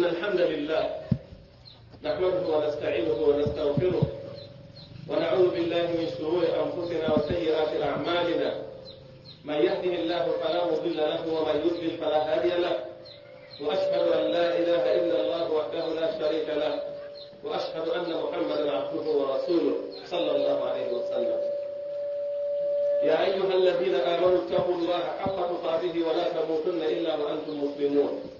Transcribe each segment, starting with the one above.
إن الحمد لله نحمده ونستعينه ونستغفره ونعوذ بالله من شرور أنفسنا وسيئات أعمالنا من يهده الله فلا مضل له ومن يضلل فلا هادي له وأشهد أن لا إله إلا الله وحده لا شريك له وأشهد أن محمدا عبده ورسوله صلى الله عليه وسلم يا أيها الذين آمنوا اتقوا الله حق تقاته ولا تموتن إلا وأنتم مسلمون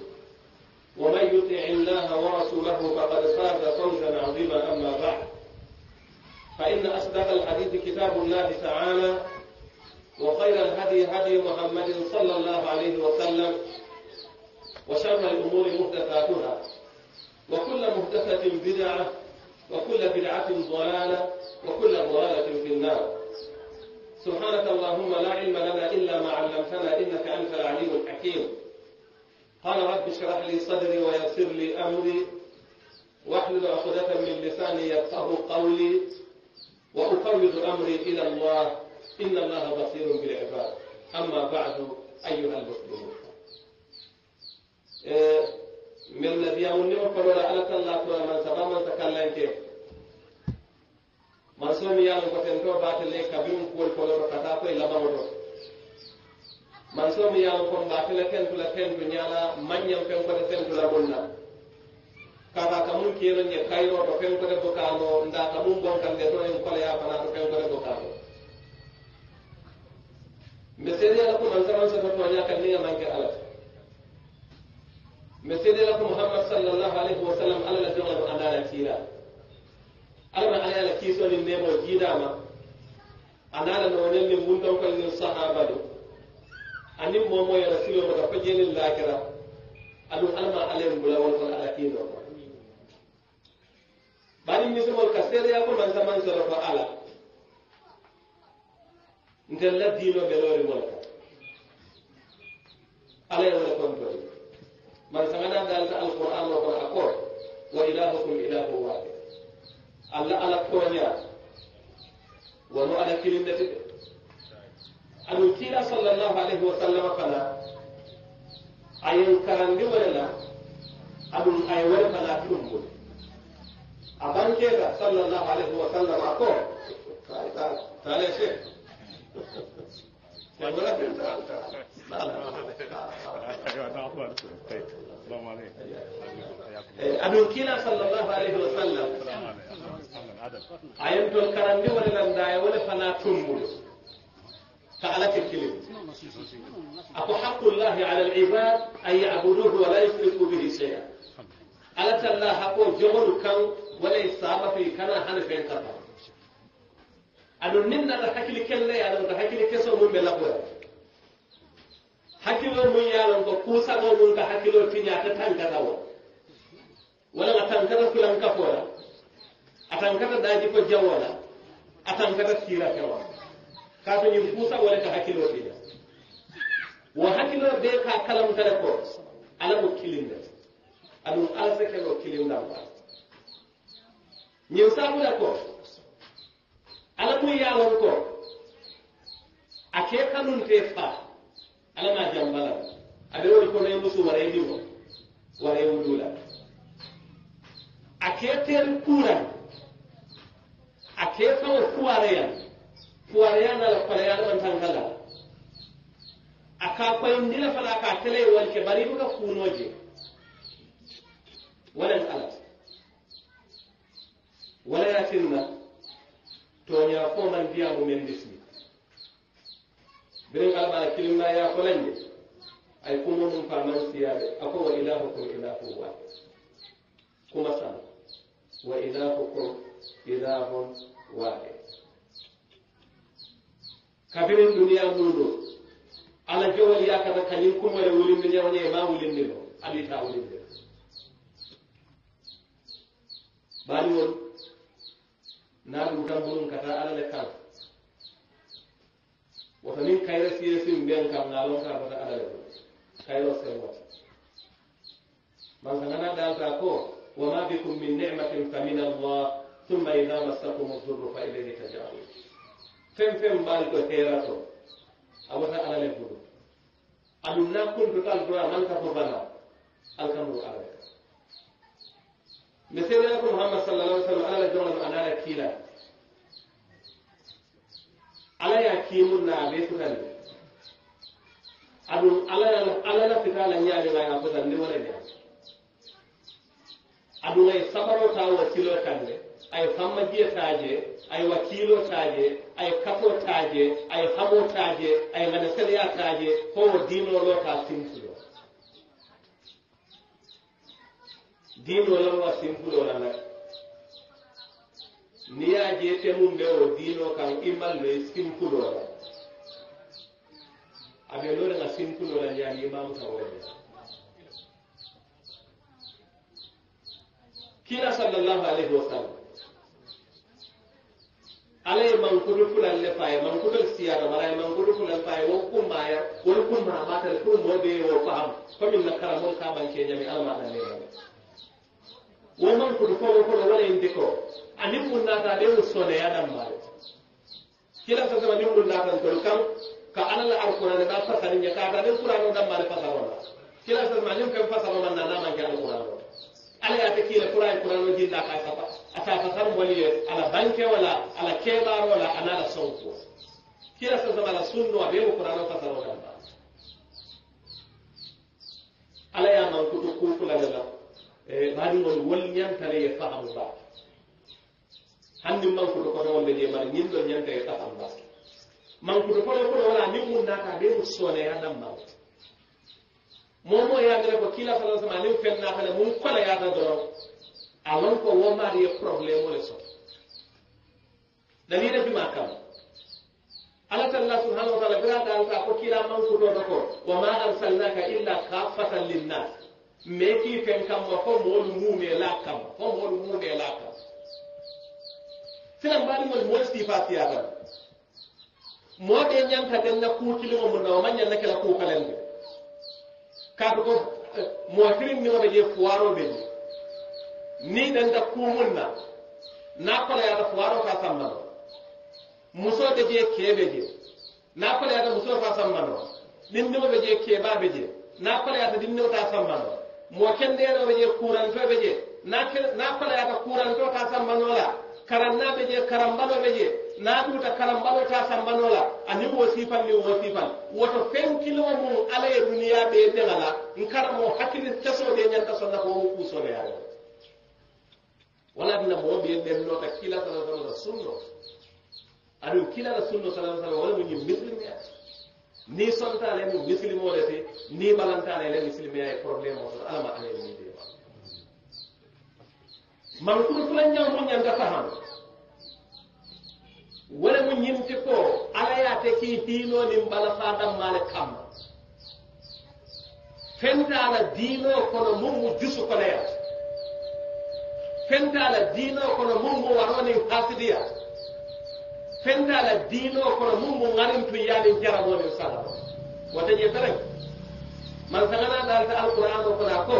ومن يطع الله ورسوله فقد فاز فوزا عظيما أما بعد فإن أصدق الحديث كتاب الله تعالى وخير الهدي هدي محمد صلى الله عليه وسلم وشر الأمور محدثاتها وكل محدثة بدعة وكل بدعة ضلالة وكل ضلالة في النار سبحانك اللهم لا علم لنا إلا ما علمتنا إنك أنت العليم الحكيم قال رب اشرح لي صدري ويسر لي أمري واحلل عقدة من لساني يفقه قولي وأفوض أمري إلى الله إن الله بصير بالعباد أما بعد أيها المسلمون إيه، من الذي أولي وقالوا ألك الله ترى من سبا من تكلم كيف من سلم يالك وتنكو باتل لك بيوم كول فلو ركتا كوي لبا manso mi yalan kon ba tela ken tula ken tu nyala manyam ken ko ten tula bonna kaba kamun kiyelo nye kairo to ken ko to kano nda kamun bon kan de to en kala ya bana to ken ko to kano mesede la ko manso manso to nya kan ni man ke ala mesede la ko muhammad sallallahu alaihi wasallam ala la jonga ala la tira ala ala la kiso ni nemo jidama anala no ne mun don ko ni sahaba do anin momo yara silo mata fa jelen lakira alu alma alen bula wal fal ala kino bani mismol kasere ya ko man saman so rafa ala ndel la dino be lori mo la ala ya wala kon tori man na dal al qur'an wa qur'an ko wa ilahukum ilahu wahid alla ala ko nya wa mu ala kilin da أن صلى الله عليه وسلم فلا أين كان دي ولا أيوان أي ولا فلا تنبول أبان كيدا صلى الله عليه وسلم أكو أيوة، تعال تعال تعال يا شيخ تعال تعال تعال تعال السلام عليكم إيه، أدون كيلا صلى الله عليه وسلم أين تول كرن دي ولا لم داي ولا فلا تنبول فعلت الكلمة أكو حق الله على العباد أن يعبدوه ولا يشركوا به شيئا ألت الله حقو جمل كان ولا يصاب في كان هن فين كفا أنو نمنا الحكي لكلا يا أنو الحكي لكسو من بلقوا حكي لو من يا أنو كوسا لو من كحكي لو تنيا كتان كتاو ولا كتان كتاو كلا كفورا أتان كتاو داجي كجوا ولا أتان كتاو سيرا كوا kaatu ñiŋ fuusa wo le ka hakkiloo bi wo hakkiloo bee ka kalamuta le ko ala mu kilinda aduŋ ala se keloo kilindaŋ baa ñiŋ saabu le ko ala muŋ ye a loŋ ko a ke kanuntee faa ala maa jamba la a be wolu kono ye musu wara ye diŋo wara ye wuluu la a ke teeri kuuraŋ a ke faŋo kuwaareyaŋ puwareyana la koleyaɗoman tan kala a ka koyindila fana ka telay wolke bari buka Wala walan alat wala ya to yatinna toña koman ndiyamu men dismi birin alɓala kilimma yakolanje ay kumo mum faman siyaɓe ako wa ilahukum ilahu wahid kuma sama wa ilahukum ilahun wahid kabirin duniya mundo ala jowal ya kata kañin kumare wulinde ñawñe e ma wulinde ɗo alita wulinde baliwol naɗu wutanburun kata ala le kan woto nin kayra siye sim mbiyan kam nalon ka kata ala le kayro sewata man ka nana ɗalta ko wama bikum min nimatin fa min allah thumma ida massakum ddurru fa ilayhi tajaun feŋ feŋ maŋ to teera to a ala le bulu aduŋ na kuntuta al to a maŋ ka fo bala al ka muru ala le miseereya ko muhammad sallallahu alaihi ala la joŋo la ala na a bee futandi aduŋ ala ala la fita la ñaalimaa ye ya futandi wo le ñaam aduŋ ay sabaroo taa wo siloo ay fammadiyotaje ay wakilotaje ay kafotaje ay hamotaje ay manasariyataje howo dinolota simpulo dinolowa simpulolana ni ye a je temum be wo diino kan i mallo ye simpulola a be lo daga simpulola ñaani imamu kan wo de kila sallallahu alayhi wa sallam ala ye mankudu fulan le fa ye mankudol siyata wala ye mankudu fulan fa ye won kummaya won kummanamatale pour mo ɓe wo faam commin na karamol ka banke ñami alamaɗaleyaɓe wo mankudu fofo kono wala en diko ani mun ta de ya soneya ɗammare kila sasama ni mun ta tol kam ka alala alqurane ni fasariñe kata ɗen qurano ɗammare fasarona kila na nim kam fasaroma nanamanke alqurano ala yata kiila qura e qurano jinɗa ka saba ataka kar waliye ala banke wala ala kebar wala ana ala sonko kila sasa mala sunno wa beu qur'ano ka salo kan ala ya man kutu kuku la la e bari wal wal nyan tare ya fahamu ba handi man kutu ko wal le mara nyin do nyan tare ya fahamu ba man kutu ko ko wala ni mun na ka be sone ya dam ba momo ya dere ko kila sala sala ni fenna kala mun kala ya da do alon ko womaade ye probléme ole soto dalila bima kam ala talla subhanau wa taala biraɗaalta ko kila mankutoto ko wa ma arsalnaka illa kaffatan linnas mais kii ten kamma fo moolu muumela kamma fo moolu muumela kamma silan mbaɗi moni moni stifa siyatan moɓe ñanta den na kuutilimo mu nawa mañanna kela kuukalen de kaatu ko mootirin ñoɓe je euh, foiroɓe ni ni danta kumun na na kola yata fuwaro ka san sambano muso be je kebe je na kola yata muso ka san sambano dindimo be je ke ba be je na kola yata dindimo ta san sambano mo kendero be je kuranto be je na na kola yata kuranto ta sambano la Karan na be je karambalo be je na ɗuta karambalo ta san la. Ani sambanola anin wasifan min wasifan woto fen kilo mum ala e duniya ɓe ndegala n karamo hakkille tesoɗe ñanta sonna ko wo kuusoneyaɗo walatna moɓe ɓennota kila sala sallam a sunno aɗo kilata sunno salaa sallam wala mo ñi misilme a ni sontale mu misilme e o lete ni ɓalantale le misilme a e probléme o sot alama ala miidema mankuru fula ñamto ñanta tahan wala mo ñimti ko alayate ki hiino nin bala fadammale kamma fentala diino kono mum mo jusu koleyat فنت على الدين وكنا مم وعمل فاسديا فنت على الدين وكنا مم وعمل في يال الجرم والإنسان وتجي ترين ما سمعنا دارت القرآن وكنا كو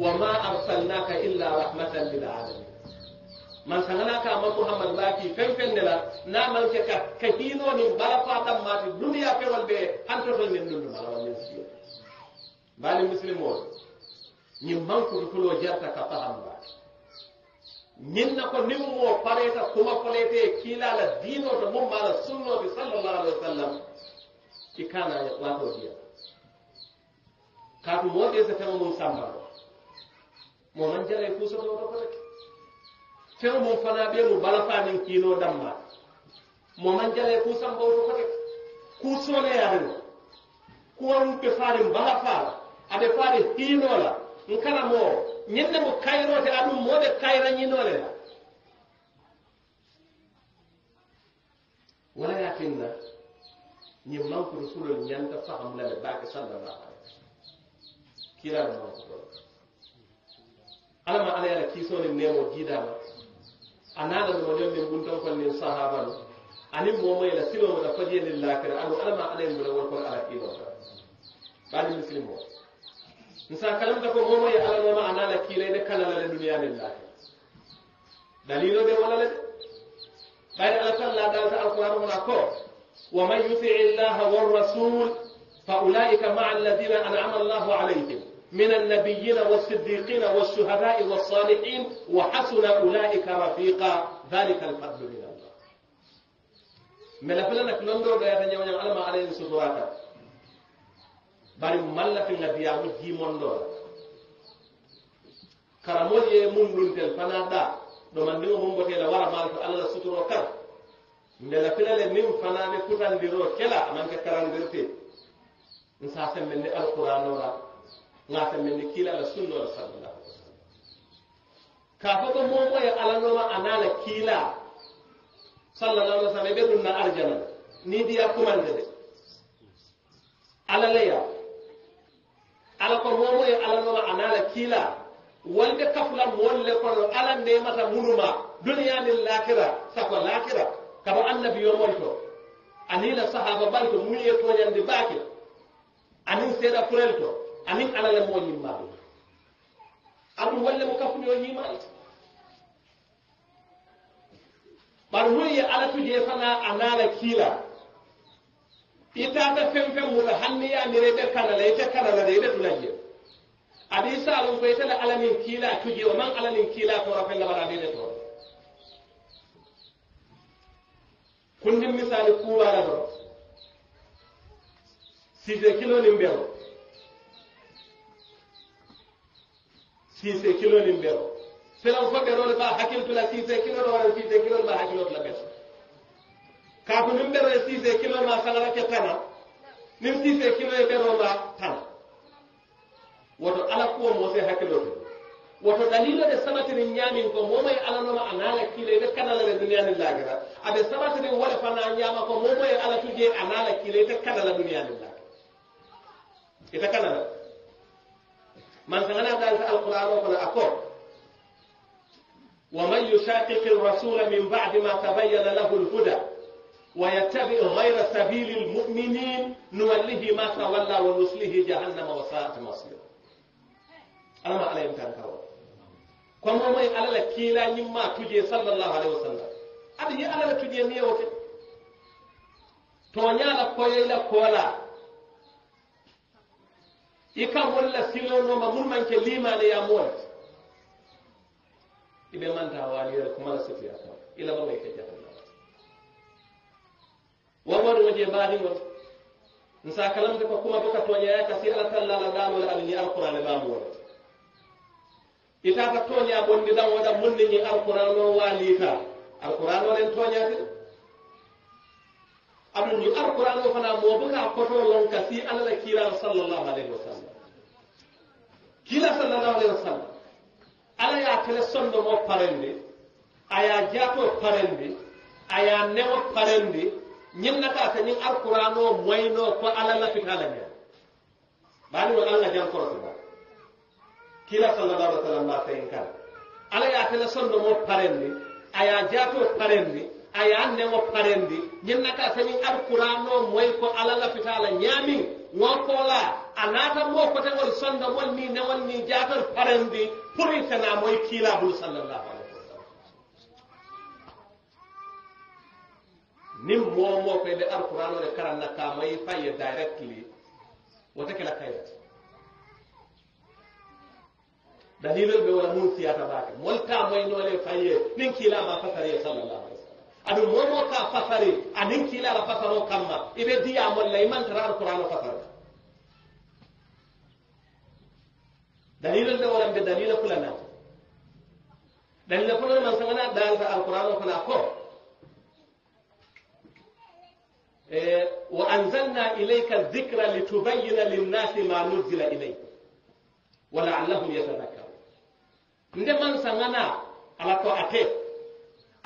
وما أرسلناك إلا رحمة للعالمين ما سمعنا كما محمد باكي فن فن لا نعمل كك كهينو من بابا تام ما في الدنيا في والبي أنت في الدنيا ما لا من سيو بالمسلمون نيمان كل كل وجرت كفاهم باكي min na ko nimmo pareta kuma koleete e kiilala diinoto mum mala sunnoɓe sallallah alih wa sallam ki kana e wato diya kaatu wonde e so fewo mum samba mo man jara e kuusanoto koleke fewo mum fana ɓe mo balafamin kiino damma mo man jara e kuusan bawto koleke kuusone yaren kuwaruɓe faare balafaala aɓe faare hiinola nkala moo ñinde mo kayrote aɗum moɓe kayrañinole la wala ya finna ñin mankude fulol ñanta fahamlale baake sallallahu alayhi wa sallam kilaɗo mankutol alama ala yala kiisoni nemo jiidama a naɗanmo ɗon min ɓunton kon nin sahaba no anin momoyla silomota fajiyelillakira alu alama ala en mbula wonkono ala kiinota ɓaɗi muslim o مساكلم دكو هو مي على ما أنا لكيلين كلا لا لدنيا لله دليله ده ولا لا بعد الله لا دالت القرآن ولا كو وما يطع الله والرسول فأولئك مع الذين أنعم الله عليهم من النبيين والصديقين والشهداء والصالحين وحسن أولئك رفيقا ذلك الفضل من الله ملفلنا كلندور ده يعني يوم يعلم عليه سطراته bari malla fi ngabiyamu jimondola karamol ye mun luntel fana da ɗo mandigo hombotela wara mal to allah sutoro kar mbela pilale min fana ɓe putandiro kela amanke karandirte n sa semmende alquranora ga semmende kiilala sunnora sallallahu alih wasallam ka fo ko momo e alanoma anala kiila sallallahu alih wasallam ɓe ɗumna arjana ni diya kumande de alaleya ala ko homo e ala nola anala kiila wonde kafulam wolle kono ala nemata munuma duniyanin lakira sako lakira kaba annabi yomol to anila sahaba bal to muñe toñande baake anin seeɗa kurel to anin alala mo yimma ɗum aɗum walle mo kafuyo yimalta ɓar muye ala tuje fana anala kiila itaata fen feŋ mu la hanni ye nire be kana la ite kana la de ite duna jee adi saalum ko ite la ala niŋ kiilaa tuji o maŋ ala niŋ kiilaa toora feŋ labara adi ite toora kundin misaali kuuwaa la doro siisee kiloo niŋ bero siisee kiloo niŋ bero selaŋ fo beroo le faa hakkiltu la siisee kiloo doore siisee kiloo le faa hakkiloo tu la beso kaku niŋ bero ye kilo kiloo la ke tana niŋ siisee kilo e beroo la tana wato ala ko mo se hakilo wato dalila dalilo de ni nyami ko mo maye ala no ma anala kile kiila ite kana la le duniyaa niŋ laakira a be sabatiriŋ wo le fanaa ko mo maye ala tuje anala kile la kiila ite kana la duniyaa niŋ laakira ite kana la man saŋanaa daalita alqur'aanoo kono a akko ومن يشاقق الرسول من بعد ما تبين له الهدى ويتبع غير سبيل المؤمنين نوله ما تولى ونصله جهنم وساءت مصيره أنا ما عليهم كان كرو كم هو ماي على الكيلا نما تجي صلى الله عليه وسلم أدي على تجي مية وكي تونيا لا كوي لا كولا إكا ولا سيلون وما مول ما مرمان كليما ليا مول إذا من تهوا ليه كمال سفيا إلى بابا يكجهل wamadu wo je baadiŋol nsa kalamta ko kuma buka toñaya kasi ala tallala daamol aɗani alqurane baamuwol itata toña bondi ɗan waɗa munni ñi alquran o waaliita alquran oɗen toñade aɗum ñi alquran o fana mo buka koto lon kasi ala la kiilaɗo sallllahu alayhi wa sallam kiila sallllahu alayhi wa sallam ala ya tele sonndo mo parende aya jaato parende aya newo parende ñinnata te ñin arkurano moyno ko ala lapitala ñen baniwo alla jankorotoba kila sallallahu alai sallam ma tayin kala ala ya tele sonno mo parendi aya jaato parendi aya nemo parendi ñinnata te ñin arkurano moy ko ala lapitala ñaami wonkola a nata mo kotegol sonno mol ni newol ni jaatol parendi pour itena moy kiilabulu sallallahu alai نم مو مو في دي ار قران ولا كران نكا ماي فاي دايركتلي وتكلا كايت دليل به ولا مون سياتا باك مول كا ماي نو لي فاي نين كيلا ما فتري صلى الله عليه وسلم ادو مو مو كا فتري انين كيلا لا فتري كاما ايبي دي امول لاي مان ترى ار قران فتري دليل ده ولا بدليل كلنا دليل كلنا من سمعنا دال القران كلنا كو إيه، وأنزلنا إليك الذكر لتبين للناس ما نزل إليكم ولعلهم يتذكرون ندمان سنانا على طاعته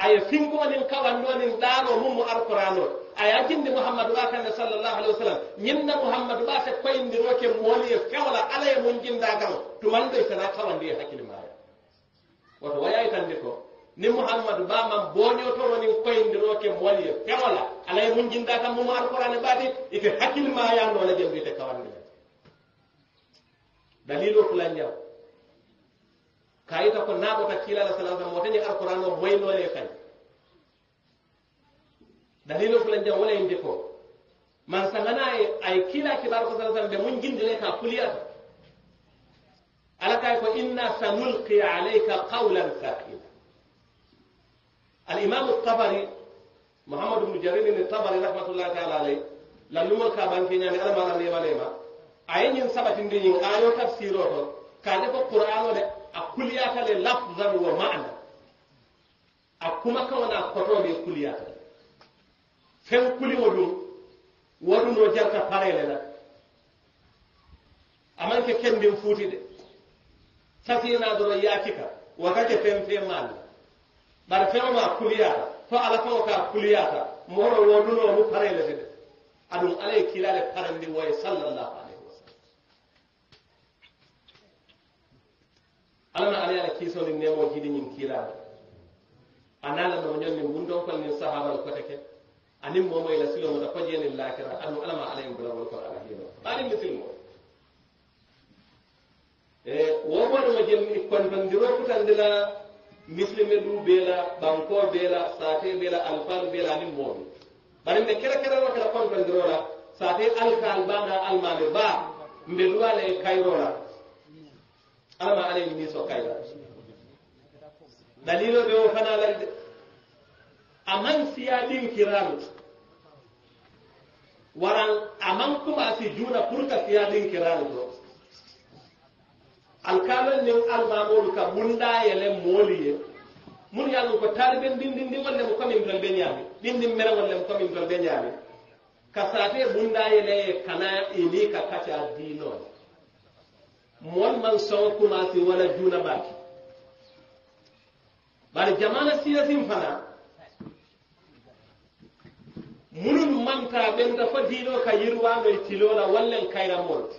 أي فينكم من كوان دون دار ومم القرآن أي أجند محمد واكن صلى الله عليه وسلم يمنا محمد واكن كوين دروك مولي كولا على من جندا كم تمان دي سنا كوان دي حكي الماء وتوايا يتندكو ni muhammadu ba man boño to woni koyndiro ke moliye pewola alay mun jinda kam mum alqur'ani baati ite hakkil ma ya no la jembi te kawande dalilu fulanja kayita ko nabo ta kila sallallahu alaihi wasallam mo alqur'ano moyno le kay dalilu fulanja wala inde ko man sangana ay kila kibar ko sallallahu alaihi wasallam be mun jindile ka kuliyata alaka ko inna sanulqi alayka qawlan thaqila alimamu tabari mahamadu bnu jarir ni tabari rahmatullahi taala alay lallumol ka banke ñaami alamala nemalema aye ñin sabatindi ñin ayo tafsiro to kaade ko qur'an o de a kuliyatale lafdan wa mana a kuma kawona kotoɓe kuliyata fen kuliwo ɗum waɗuno jarta parele la amanke kendin fuuti de tasinadoro yaakika wakake fen fe maalla bari feŋo maa kuliyata fo ala feŋo ka kuliyata mooro wo nunoo mu paree le ti de aduŋ ala ye kiila le parandi wo ye sallallahu alayhi wa sallam alla na ala ye ala kiisoo niŋ neemoo jidi ñiŋ kiilaa le a naa la noo ñoŋ niŋ buntoŋ fol niŋ sahabal kote ke aniŋ moomo ye la siloo muta fo jee niŋ laakira aduŋ alla ma ala ye bula wolu kono ala hiinoo baaniŋ misilimo eh, wo moo dama jeni kontondiroo futandi la misilime du bee la banko bee la saate bee la alfal bee la ani moolu bari mbe kera kera lo kela kontondiroo la saate alka albana almaami baa mbe duwa la kayroo la alama ala ye niso kayra dalilo be wo fana la aman siyadin kiralu waran aman kuma si juna pour ka siyadin kiralu to alkaalol nin almamolu ka bundayele mooli ye mun yaalu ko taari ɓen ɗinɗinɗingol lemo commin tol ɓe ñaami ɗinɗin merewol lemo commin tol ɓe ñaami ka saate bundayele ye kana ini ka kaca diinoo mool man soŋo commencé wala juuna baaki bari jamana siyasin fana munun manta ɓen ta fo diinoo ka yirwaamoy tiloo la wallen kayramoolti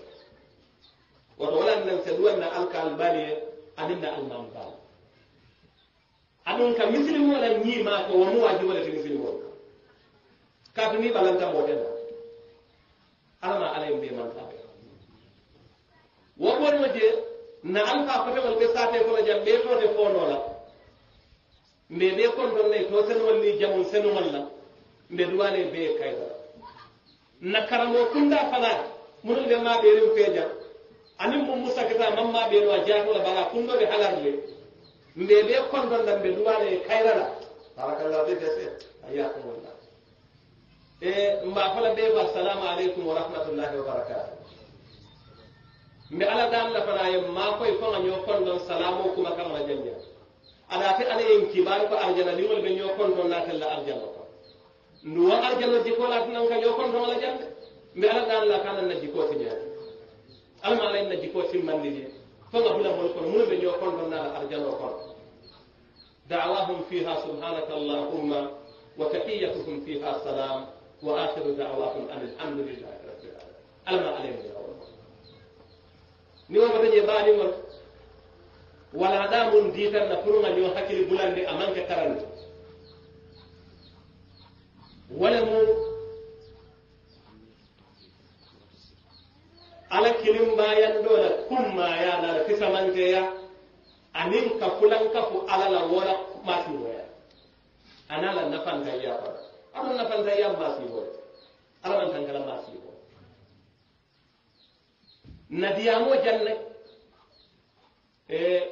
goɗo walanen se ɗuwanna alkal mbali e aninna alnam bal aɗum kam misilim oɗan ñima ko wonu wajumolete misilim on kam kaduni ɓalantamoɗena alama alayim ɓe mantaɓe woɓonno je na alfa kotegol ɓe sate kono jam ɓe toote fonola mbe ɓe kondonnay to senumol ni jamum senumolla mbe duwane ɓe kayda na karamo kunda fanaa munol ɓe ma ɓerim feejam Anim mo musakata mamma ɓe no a jahula bala kunɗoɓe halarle mbe ɓe kondonɗam ɓe duwana e kayrala barakallah ɓe gase a yakumullah e mba fala ɓe ba assalamu aleykum wa rahmatullahi wa barakatuh mbe ala dan lafana ye ma koye fonga ño kondon salamo kuma kamana janjan aɗate ala yen kibaru ko arjana liŋol ɓe ño kondon natella arjana ko nduwa arjana jikolatinanka ño kondon ala jande mbe ala dan la kanan na jikoti ñaade alma ala inna jiko simmandi je foga hulamol kono munu ɓe ñoo kon donnala arjano kono da'wahum fiha subhanaka allahumma wa tahiyatuhum fiha salam wa akhiru da'wahum an alhamdulillahi rabbil alamin alma ala inna jawol ni wo bataje baɗimol wala da mun ditan na furunga ñoo hakkili bulande amanke karande wala mu ala kilimbayando la kummaya la fisamanteya anin ka fulankafu ala la wora masiwoya ana la nafantayya fara ala nafantayya masiwoya ala man tankala masiwo nadiyamo janne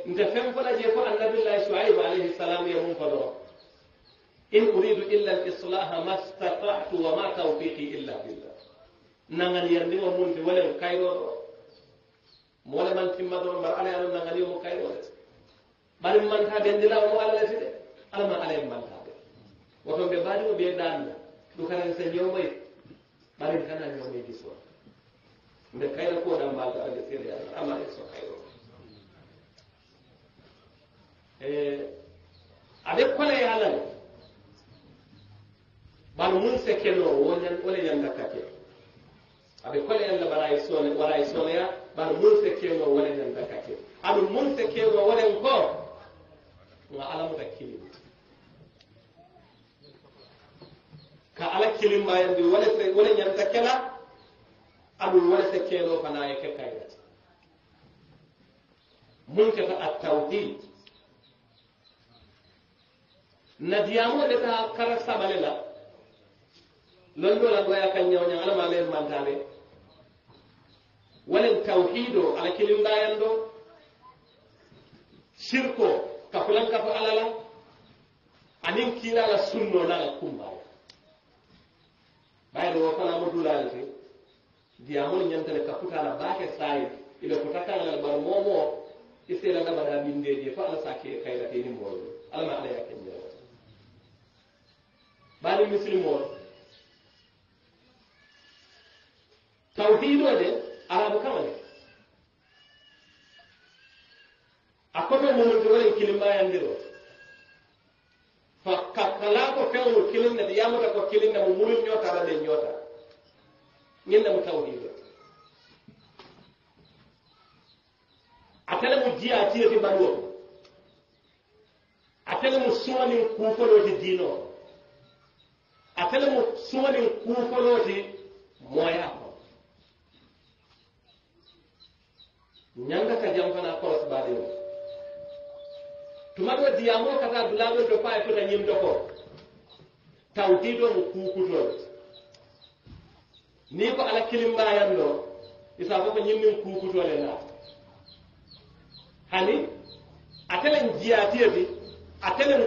nte fen fana je ko annabillahi shuaib alayhi salam ye mun fodoro in uridu illa al islaha ma stata'tu wa ma tawfiqi illa billah nangani yandima mum de wole o kayoro mo woleman timma ɗo mbar ala ala nanganimo kayore ɓari manta bendilawmo allah fi de alaman ala mbantaɓe woton ɓe mbadimo ɓe ɗanna ɗukara se ñowmoy ɓarin kana ñowmoy diso nde kayra kuwaɗa mbalɗo ade sere allah ama eso kayro e, aɗe kole e alal ɓar mum se kenowo wo wole ñandakkate abe kole yalla ɓaray soone waray ya bar mulse kewno wonen en dakake aɗu mulse kewno wonen ko ga alam kilim ka ala kilimmayandi wole ñanta kela aɗu wole se keno fana ye ke kayrata mun keta a tawhid nadiyamo de ta kara sabale la londo la doya kan ñawña alama le mantale wanen tawhido ala kilindayan shirko sirko kafulan kafu alala anin kira la sunno la kumba bayro wo fana mo di te nyantale ñantale kafuta la bake sai ile ko la bar momo isela binde je fa ala sake kayrateni mboyo alama ala yakke ñewa bani muslimo tawhido de arabukaŋole a koto mumunti wole kilimbayandiro ka fa ko feŋolu kilin ne yamuta ko kilin ne mu murul ñoota ala de nyota ñiŋ ne mu tawhido atele mu jiya tiyeti baluwo atele mu suŋonin kuufoloti diinoo atele mu suŋonin kuufoloti mooyaa ñanga ka jam e fana koros baɗeo tuma ɗo diyamo kata dulaɓe do fa e fota ñimto ko tawtiɗo mo kukutol ni ko ala kilimbayan ɗo isa fof ko ñimmin kukutole na hani atelen jiyatiyeti atelen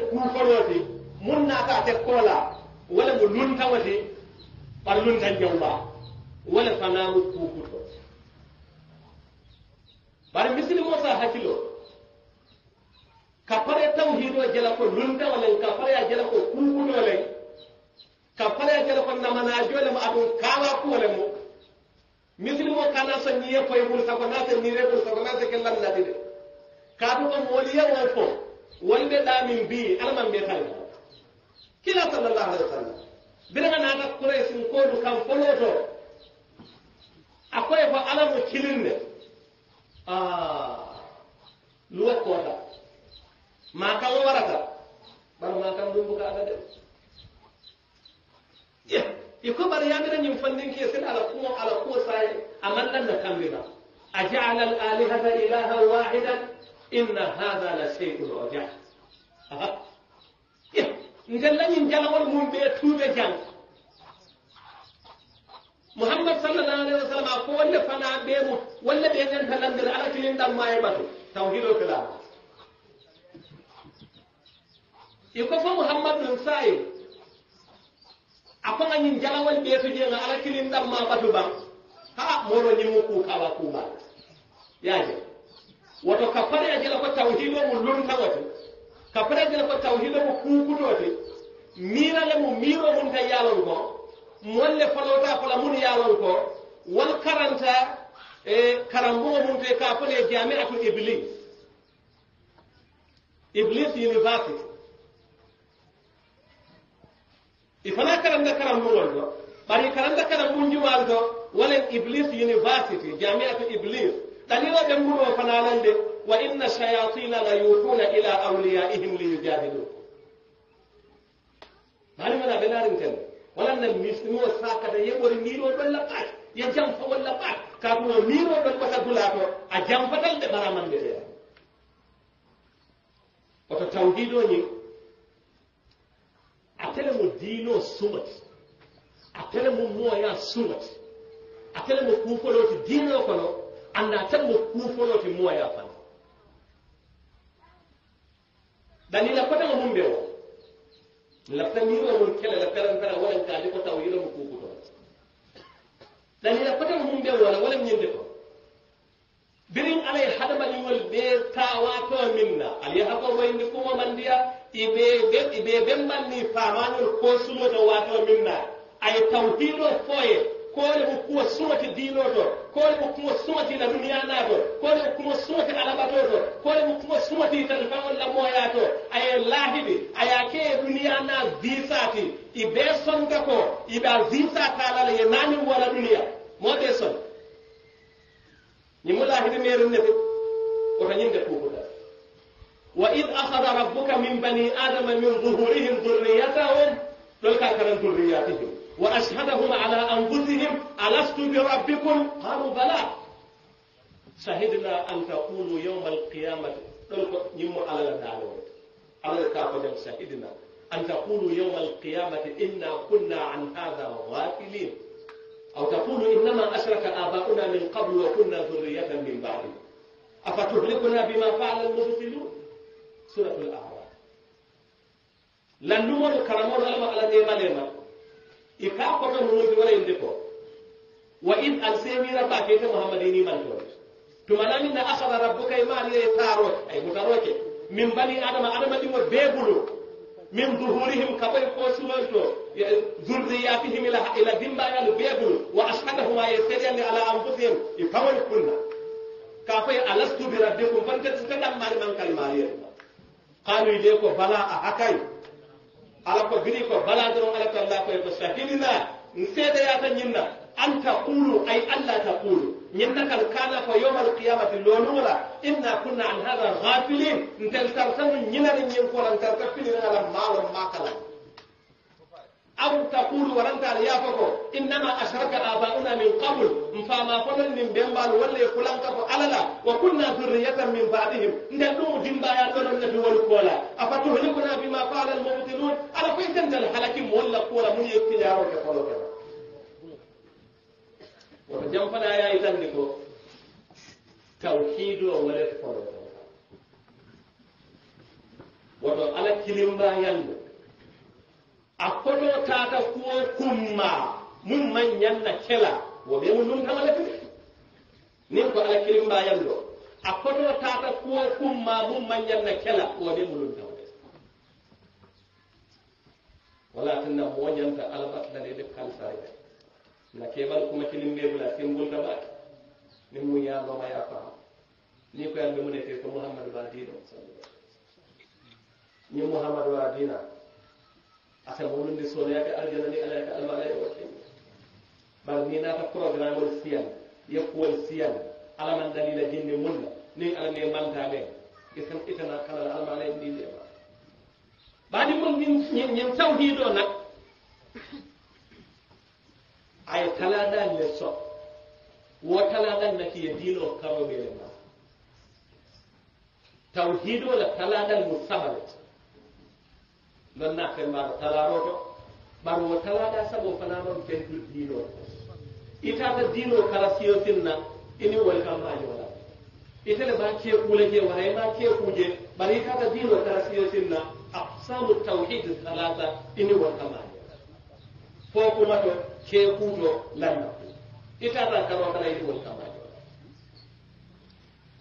ti mun nata ate koola wala mo luntawati ɓar luntan jawba wala fanamu kukuto bari misili mo sa hakilo kafare tawhido jela ko lunta wala kafare ya jela ko kukudo wala kafare ya jela ko namana jole mo adun kala ko wala mo misili mo kana sa niye fay mul sa ko na se niye ko sa ko na se kellan na dide kadu ko moliya wo fo wolbe da min bi alman be tan kila sallallahu alaihi wasallam biraga na ta kure sin ko du kan folo to akoy fa alamu kilirne luwe kota makan warata baru makan dum buka ada dem ya iko bar ya gidan yin fandin ke sun ala kuma ala ko sai amal nan da kambira aj'ala al alihata ilaha wahidan inna hadha la shay'un ajab ya ngallan yin jalawal mun be tube jang muhammad sallallah alayhi wa sallam a ko wonde fana ɓeemo walla ɓe nganta landere ala kilin ɗam ma heɓa to taw hiɗo ko laawa i e ko fo muhammad ɗum saayo a koŋañin jalawal ɓeetojeno ala kilin ɗam ma ɓatu ba ha moɗo ñimmo kuukawa kuuɓa yaaje woto kappare a jala ko taw hiɗo mo luntawote kappare a jala ko taw hiɗo mo kuukutote miirale mo miiro mum tan yaalon ko molle folota kola mun yawon ko won karanta e karambugo mum te ka fole jami'atu iblis iblis university ifana karanta karambugol ɗo ɓari karanta karambunjumal ɗo wolen iblis university jami'atu iblis ɗaniro ɓe mbuno fanalande wa inna shayatina la yufuna ila awliyaihim liyujadilun mani mana ɓe larinten walanna miskino sakata yeɓore miiroɗon labɓat ya janfa won labɓat kaatuno miiroɗon wata dulato a janfatal ɓe ɓaramande ɓeya oto tawhido ni a tele mo diino sumati a tele mo mooya sumati a tele mo kuufoloti diino kono annda a tele mo kuufoloti mooya fana dalila kotema mum ɓe o la taniro mun kele la peran peran wala ta de ko taw yilo mu kuku to dan ila patan mun be wala wala nyin de ko birin alay hadama ni wal be tawa to minna al ya ko way ni kuma mandiya ibe be ibe be man ni famanul ko suno to wato minna ay tawhiro foye kole mo kuwa sumati diino to kole mo sumati na la na to kole kuwa sumati na alabato to kole mo sumati tan tanfaŋol la moya to a ye laahidi ke ye duniyanaa viisaati i bee sonka ko i be a viisaa la le ye naaniŋ duniya moo tee son ñiŋ mu laahidi meerin ne ko woto ñiŋ de ko wa id akhadha rabbuka min bani adama min zuhurihim dhurriyatahum dol kaa karan dhurriyatihim وأشهدهم على أنفسهم ألست بربكم قالوا بلى شهدنا أن تقولوا يوم القيامة يم على الدعوة على الكافر شهدنا أن تقولوا يوم القيامة إنا كنا عن هذا غافلين أو تقول إنما أشرك آباؤنا من قبل وكنا ذرية من بعد أفتهلكنا بما فعل المبطلون سورة الأعراف لن نمر الكرمون أما على ديما ika ko to mun wala inde ko wa in alsemira ba ke ta muhammadini man to to min da akhadha rabbuka iman ya taro ay mutaroke min bani adama adama dimo bebulo min duhurihim kabay ko sumanto zurriyatihim ila ila dimba ya bebulo wa ashhadahum ya sayyan ala anfusihim ifawal kunna ka fay alastu bi rabbikum fanta tsadan mari man kalmariya qalu ide ko bala a hakai ala ko biri ko bala doron ala ko allah koye ko sahilna nseedeyata ñinna an taqulu ay alla taqulu ñinna kal kana ko yowma alqiyamati loonugola inna kunna an hada gafilin ntel tartanu ñinani ñin kolan tarta filinala maalo makala أو تقول ولن تعرفه إنما أشرك آباؤنا من قبل فما فلن من بيمبال ولا يقولن كفو على لا وكنا ذرية من بعدهم ندلو جنبا يدون النبي والقولا أفتهلكنا بما فعل المبطلون ألا كيف تنزل حلك مولا قولا من يكتن يكتيارو كفولو كفو وتجم فلا يا إذن نكو توحيد ولا كفولو وتو على كلمة يلو a kono tata kuwo kumma mum man ñanna kela wo ɓe mum ɗum tan ala kiri nin ko ala kiri mbayan ɗo a kono tata kuwo kumma mum man ñanna kela wo ɓe mum ɗum tan ala wala tanna moñanta alabatlanede kalsare ɓe na keɓal kuma kilim mbebula sembulta ɓak ni mu yaloma ya faam ni ko yalɓe mu ne te ko mouhamadou wa dina sallallah ni mouhamadou wa dina ate wolundi soonoyaate aljanani alayaate almalaye watteni bari ni na naata programmeol siyan yakkuwol siyan alaman dalila jinde mulla Ni ala ne mantame isan itana kalala almalaye ndilema baadi mon ñin tawhiido nak ay talaɗan le so wo talaɗan naki ye diino karoɓele ma tawhiido la talaɗan mo sabalete non na fe maro talaro to ɓarwo talaɗa sabo fana noon fentu ita ta diino kala siyotinna ini wol kam maño wala itele ba ke kuuleke waraye ma ke bari ita ta diino kala siyotinna aqsamu tawhid talata ini wol kam maño wala fo kuma to ke kuuto ita ta itata karo kala ini wol kam maño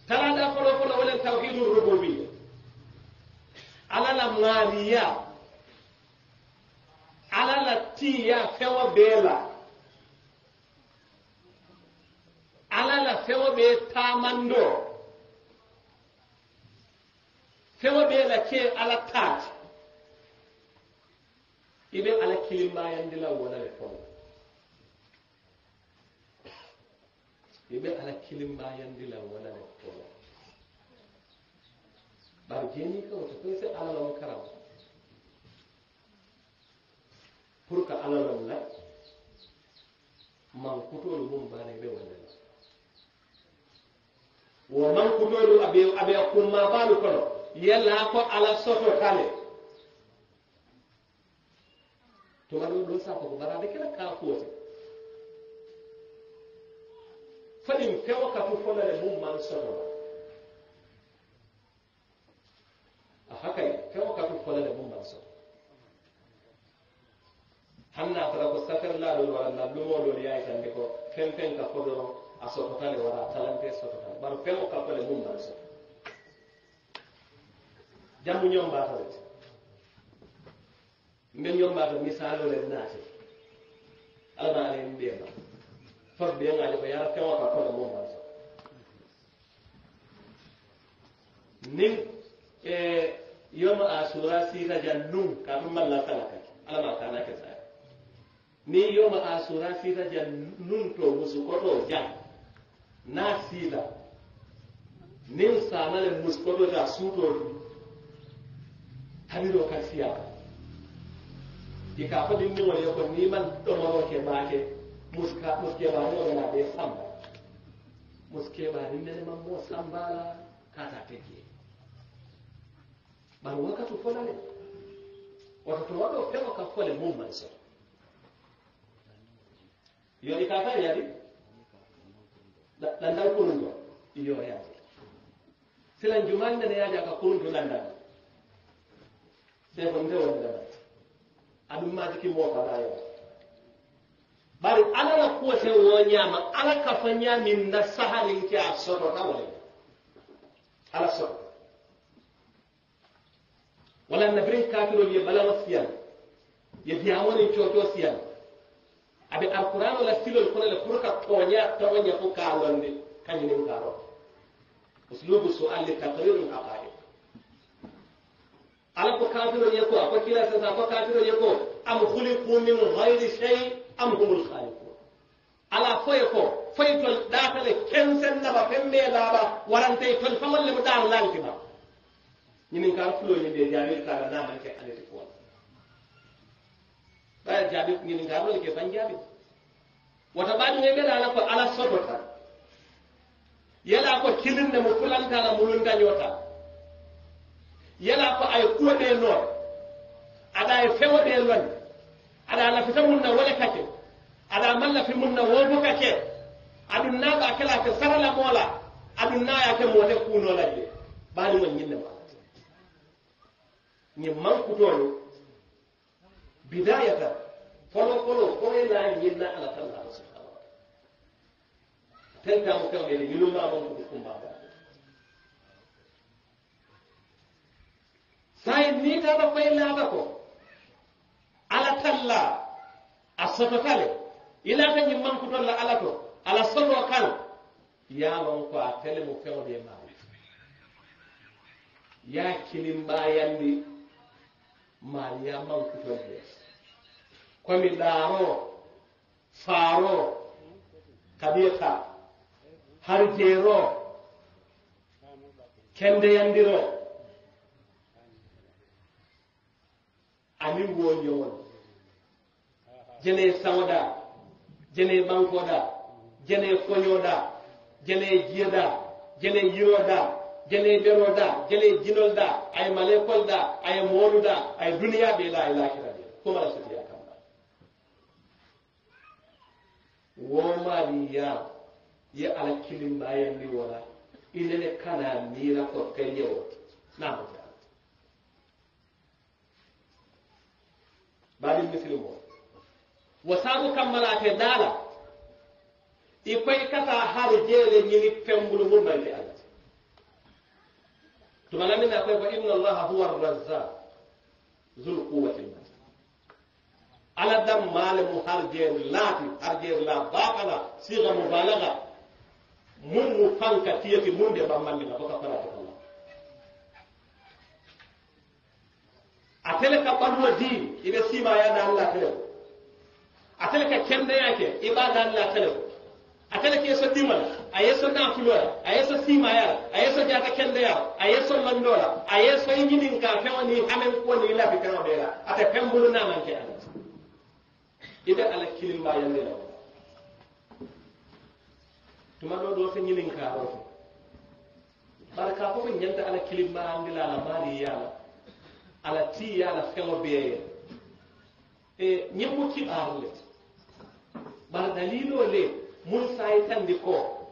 wala talaɗa folo folo wolen tawhidu rububia ala la maariya ala la tiya fewo bee la ala la fewo bee taamandoo fewo bee la kee ala taati i be ala kilimayandi la wo la le folo i be ala kilimayandi la wo la le folo bari jeenii kawo to koy ala lon karawo pour que alalan la man kutolu mum bana be wala wo man kutolu abe abe kuma balu kono yalla ko ala soto kale to waɗo ɗo sako ko barade kela ka koose faɗin fewo ka tu folere mum man sotola lumoɗoɗi yayi tande ko fen fen ka fodoron a sototale wala talante sototale bar fen o kappale mum mbaɗa soto jammu ñom mbatorete min ñom mbato misalole naate alamaale en mbiyema fot mbiyangaji ko yara fewo ka kono mum mbaɗa soto nin e yoma asura suura siita jan nun ka ɗum malla kala kake na ke kesa ni yoma asura sita ja nunto musukoto ja na sila nin sanale musukoto ta suto haniro ka siya i ka fo din niŋol ye ko ni man domoro ke baake muska muskebaani o gana be samba muskebaani mene man mo samba la kata te je bari wakatu fola le wakatu wato feŋo ka fo le man so. hiyo ni kaka ya landan kurundo iyo ya silan juman da ne ya daga kurundo landan sai ko nda wanda adun ma jikin mo ka rayo bari ala la ko se wonya ma ala ka fanya min da sahalin ki asoro na wala ala so wala nabrin kafiro ye balama siyan ye biya wani coco siyan abe alqur'an la ola silol konole pour ka tooña tawoña fo kaalonde kañumin kaaro uslubu sual li taqriru lhaqaiq ala ko kafiro ye ko ko kila sa ko kafiro ye ko am khuliqu min gayri shay am humul khaliqun ala foye ko foye tol ɗatale kensen naɓa fembe ba warante famal le tol famalle mo ɗan lantima ñinin kaar ni de jawir kaara namanke alati ko ɓaya jaaɓe ngel ngaɗole ke ban jaaɓe woto ɓaɗum e mbele ala ko ala sodota yala ko kilinde mo fulantala mulun dañota yala ko ay kuwoɗe noon aɗa e fewoɗe londe aɗa lafita mum na wole kake aɗa mallafi mum na wobo kake aɗum naɓa kelake sarala moola aɗum nayake mode kunolaye ɓaɗumon ñinne ma ñin mankutoyo bidayatan fɔlɔ fɔlɔ fɔlɔ n'a ye na ala ta la subhanahu wa ta'ala ten ta mu kan yele yulu ma mu kun ba ba sai ni ta ba fai la ba ko ala talla asato kale ila ta nyi man ku dolla ala to ala soto kal ya lon ko a tele mu fewde ma ya kilim bayandi maariyama kutorde komi laaro faaro kabiqa har jeero kendeyandiro ani woñowol jene sawoda jene bankoda jene foñoda jene jiyoda jene yiroda jele da jele da ay da ay da ay duniya be la ilahira be ko mala sutiya kamba mariya ye ala ni wala ilele kana mira ko kenyewo namoja babin misilimo wasabu te dala ikoy kata har jele ñini pembulu murmayde ala tunaamini ya kwamba inna allaha huwa arrazzaq zul quwwati ala dam male mu harjer lati harjer la baqala siga mubalagha mun mu fanka tiyati mun be bamman na baka fara ta Allah atele ka balwa din ibe sima ya da Allah tele atele ka kende yake ibada Allah tele akala ke so dimal ayeso da fulola ayeso simaya ayeso jaka ya kendeya ayeso landola ayeso injinin ka fewa ni hamen ko ni la bi kana bela ata pembulu na man ke an ida ala kilin ba yande la tuma do do fe nyinin ka ro barka ko min nyanta ala kilin ba andila la mari ya ala ti ya la fewa be e nyimbo ki arle bar dalilo le mun sayitandi ko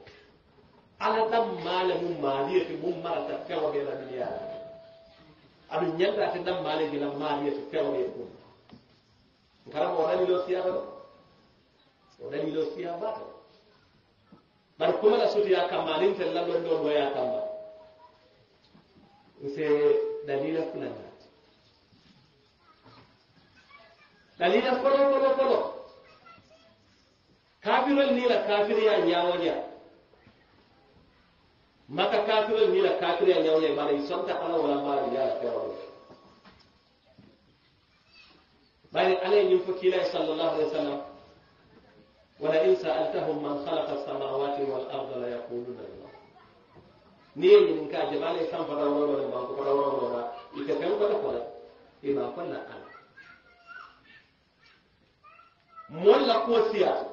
ala dam dammaale mum maaliyeti mum marata fewoɓe la duniyaa aɗum ñanndaate dammaale gila maaliyeti fewoɓe ɗum nkarama o ɗamiloo siyaba ɗo o ɗamiloo siya baata bar kuma la sotiya kamma nin tella do ɗo ɗoya kamma nse dalila fulannaati dalila folo folo folo kafirol ni la kafiriya ñawoña maka kafirol ni la kafiriya ñawoña bara i sonta ala wala mbaari yala fewol bari ala ye ñin fo kiilay sallallahu alayhi wa sallam wala in sa'altahum man khalaqa as-samawati wal arda la yaquluna Allah ni ye ñin ka jabale kan fata wala wala ba ko fata wala wala ite fen ko ko e ma ko na ala molla ko siyasa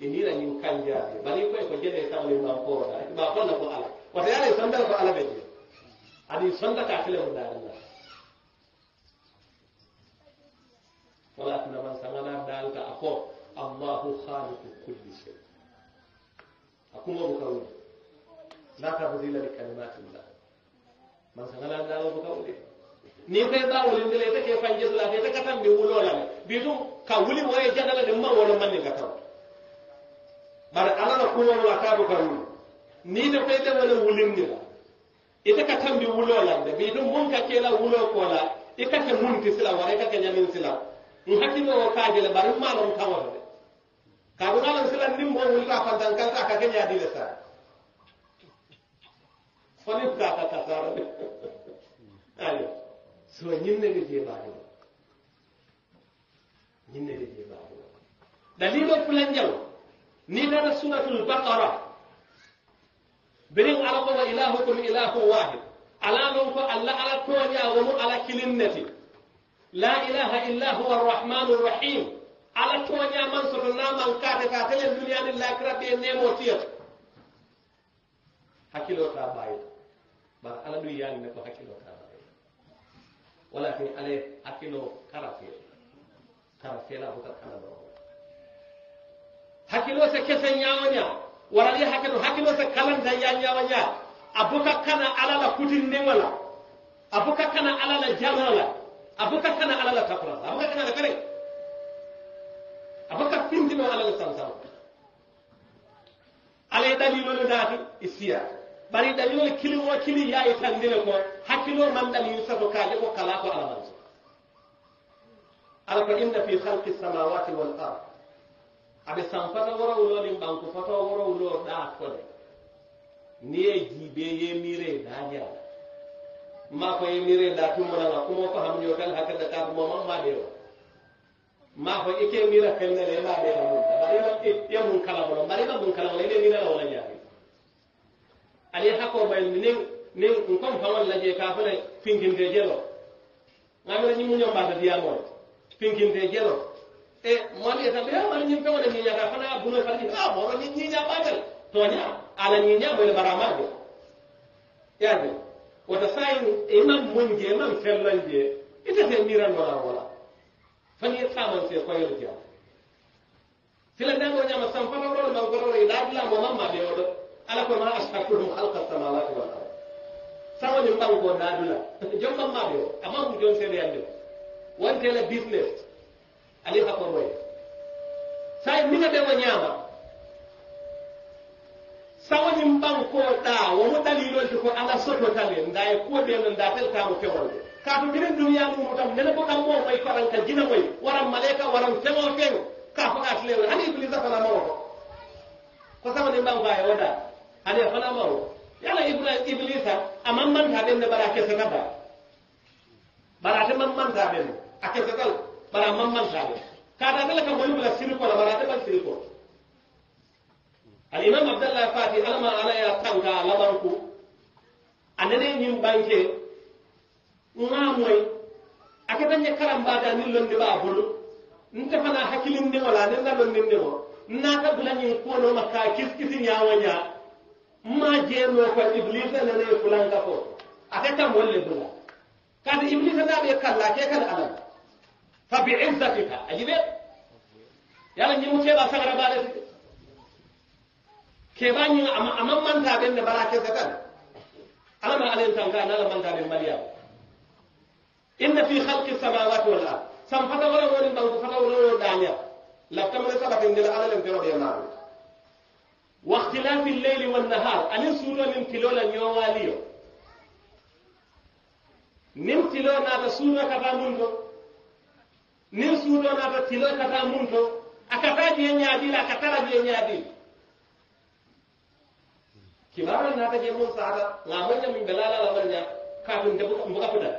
inira ñin kan jaabi bari koy ko jele tawle ma poora ma konna ko ala wata de sondal ko ala ɓeje adi sonda ka kile wala daalta a allahu khaliqu kulli shay a kawle la li kalimatillah man daalo ko kawle ni ke ka wuli de ma manni bara ala na kuma wala ka ba garu ni na kai da wala wulin ne ita ka tambi wulo la da bi dum mun ka kela wulo ko la ita ka mun ti sila wala ka kanya min sila in hakima wa ka la bari ma lon ka wala ka sila ka ka ka di fani ka ka ka ayo so nyin ne ge je ba nyin ne ge dalilo fulan ننرى سورة البقرة بلغ على قضى إلهكم إله واحد على نوك ألا على كون يغم على كلمة لا إله إلا هو الرحمن الرحيم على كون يا من سرنا من كاتل كاتل الدنيا لله كرابي نموتير حكي لو كابايد بار على دنيا يعني نكو حكي لو كابايد ولكن عليه حكي لو كرافير كرافير لا بكر كنبرو hakilo se kese nyawanya warali hakilo hakilo se kalanta ya nyawanya abuka kana alala kutin nemala abuka kana alala jamala abuka kana alala tapra abuka kana da kare abuka findino alala sansan alay dalilolu naati isiya bari dalilol kilin o kili yayi tandire ko hakkilo man dalil sato kaje ko kala ko alamanso ala ko inna fi halqi samawati wal ard aɓe sanfata worowulo nin ɓanko foto worowulo ɗa tole ni ye jiibe yemire dañala ma ko yemire da tumurala kumo ko ham ñotal hakkada kaatu moma maɗe o ma ko ike mira fennele maɗe ta mum mbaɗa ya mum kalamola mbaɗa mum kalamola ine minala wala ñaati ali hakko mayen nin nin n comme fawon laje ka fone finkinte jelo gamira ñimmuñombata diyamol finkinte jelo e mone tambe wala ñim pewole ñiña ka fana buno fani a boro ñi ñiña ɓatel toña ala ñiña ɓoyle baramajo yaade wota sayin imam moñje man fellanje itete miranwala wala fani saman se koyol jeya sila ndango ñama sam fanawrol man gororo i ɗaadilamo mamma ɓe ala ko ma ashakurum halka samawati wal ard sawañum ɓango ɗaadula jom mamma ɓe o amamum jon seeɗe yande o wontele business ali ka koroye sai minga be wa nyama sawañim bankoɗa womo ko ala sototale ndaye e kuoɗeno nda teltamo kewolde kato minen duniya mumu tam nene bo kam momoy koɗan ka jina moy waran malayka waran feŋo feŋ ka foga tilewol hani iblisa fana mawo ko ko samanin bankoaye oda ane fana mawo yala iblisa a mammanta ɓen ne bara keseta ba barate mammanta ɓen a kesetal bara mamman sabo kada kala kan wani bula sirko da bara ta sirko al-imam abdullah fati alma ala ya tanka labanku anene nyim banke ngamoy akata nya karam bada ni londi ba bulu nta fana hakilin ne wala ne la londi ne wo na ta bula ni ko no maka kis kis nya ma je no ko iblis na ne fulan ka ko akata molle bula kada iblis na be kala ke kala adam فبعزتها أجيب إيه؟ يلا نجيب كيبا سغرة بالك كيبا نجيب أمام من تابين براكي سكن أنا ما عليهم تنكان أنا من تابين مليان إن في خلق السماوات والأرض سم فتا ولا ولا بانكو فتا ولا ولا دانيا لفتم لسبك إن الأرض لم ترى يمام نعم. واختلاف الليل والنهار أن سورة من تلولا يواليو نمتلو ناتا سورة كبابون niŋ suutonaata tilo ka taa muŋ to a ka taa jee ñaadii la a ka tara jee ñaadii kibaarol naata jee muŋ saata ŋa a ñe muŋ belaala la walla kaatuŋ te mbuka futa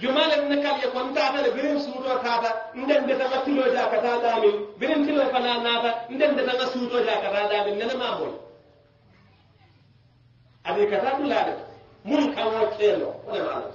jumaa le ne kal ye kon taata le biriŋ suutoo taata nden deta ŋa tiloo jaa ka taa daamiŋ biriŋ tiloo fanaa naata nden deta ŋa suutoo jaa ka taa daamiŋ nene maa bol abii ka taa dulaa de muŋ kaŋ wo keeloo wo le maa loŋ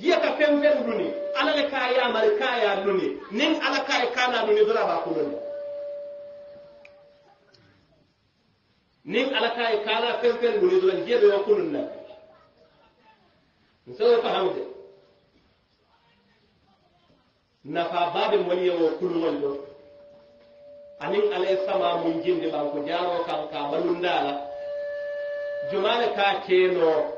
ka fɛn fɛn duni ala le ka yamari ka ya duni ni ala ka ye kana duni dora ba kuloni ni ala ka ye kana fɛn fɛn duni dora jiye be wa kulun na nsawo fahamu de nafa ba be mol ye wo kulun wal ala ye sama mun jinde ba ko jaro kan ka balunda la jumale ka keno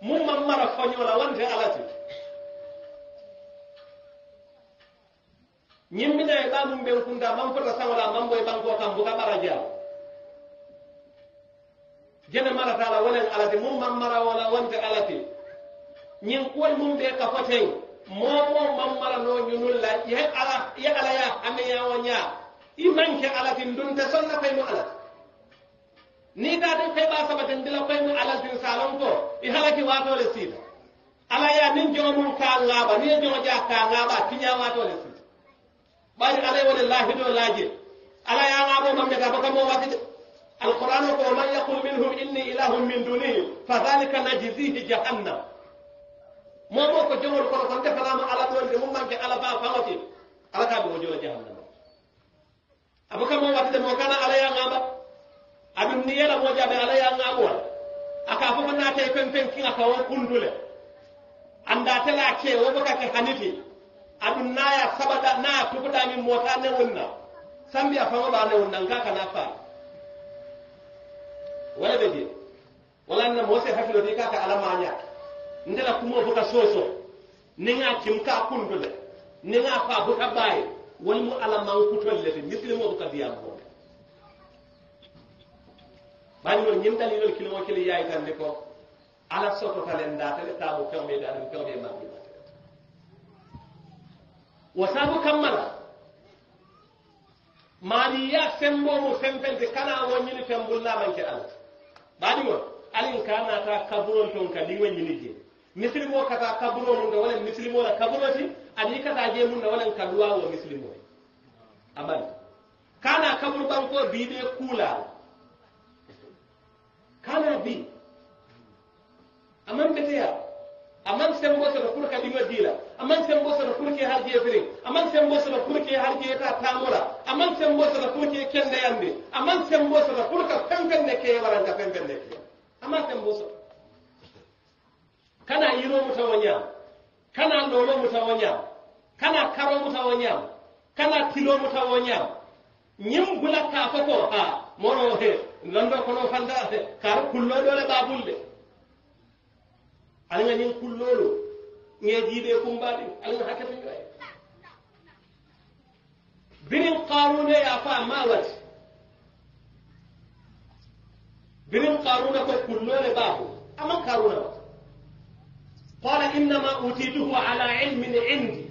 mun man mara foñola wonte alati ñin mina e ɓa mum ɓen kunda man fota saŋola man boye banko kam buka ɓara jaa jene maratala wonen alati mum man mara wona wonte alati ñin kuwol mum ɓe ka foten momo man mara no ñunulla ye ala ye ala ya hameyawo ña i manke alati ndunte sonna fay mu alati ni taata fay ba sabatan dila koy mu alal tin salon ko i halaki wato le sida ala ya nin jomo mun ka ngaba ni jomo ja ka ngaba tinya wato le sida bari ala wala lahi do laje ala ya ngabo mam daga baka mo wakati alquran ko man yaqul minhum inni ilahun min dunihi fadhalika najzihi jahannam mo mo ko jomol ko ko defa lama ala do de mum manke ala ba fawati ala ka bo jola jahannam abaka mo wakati mo kana ala ya ngaba aɗum ni yela mojaɓe ala yangaɓol aka fofa naate pen pen kiga kawo kundule anda tela ke wobokake haniti aɗum naya saɓaa naya tuguɗamin mota ne wonna sambiya famaɓa ne wonna nkakana fa wala ɓe di walanna mose hafiloti kaka ala maña ndela kumo boka soso niga kim ka kundule niga fa boka baye wolmo ala mankutolle ti misilimo boka diyamo bañol ñim dalilol kilimo kili yayitande ko ala len sototalen datale taabo kewɓe daɗum kewɓe mammiɗate wo saabu kammala maɗi ya sembomo fempelde kana woñini fembullamanke ala ɓaɗimon alin ta kaburon ton ka ɗi woñini je ka ta kaburon mum wala misli mo la kaburoti ka ta je mum de wala ka misli mo amal kana ko ɓanko biɗe kuulal kana bi sai beteya aman sembo soto pour ka ɗima sai aman sembo soto har ke harjee firin aman sembo soto pour ke ken da aman sembo soto pour ke kendeyande aman sembo soto ke ka da keye waranta fenfenne keye ama sembo mbosa? kana yiro mutawo wanya, kana lolo mutawo wanya, kana karo mutawo wanya, kana kilo mutawo wanya, ñim bula ka foto ha mono he nanndo kono fannda ate kar kulloɗole ɓabulde alga nin kulloolo ngeediiɓe kumbaɗi alga hakkete joye binin qaruna ya fa ma wati binin qaruna ko kulloole ɓaabu ama karuna wat qala innama utituhu ala ilmin indi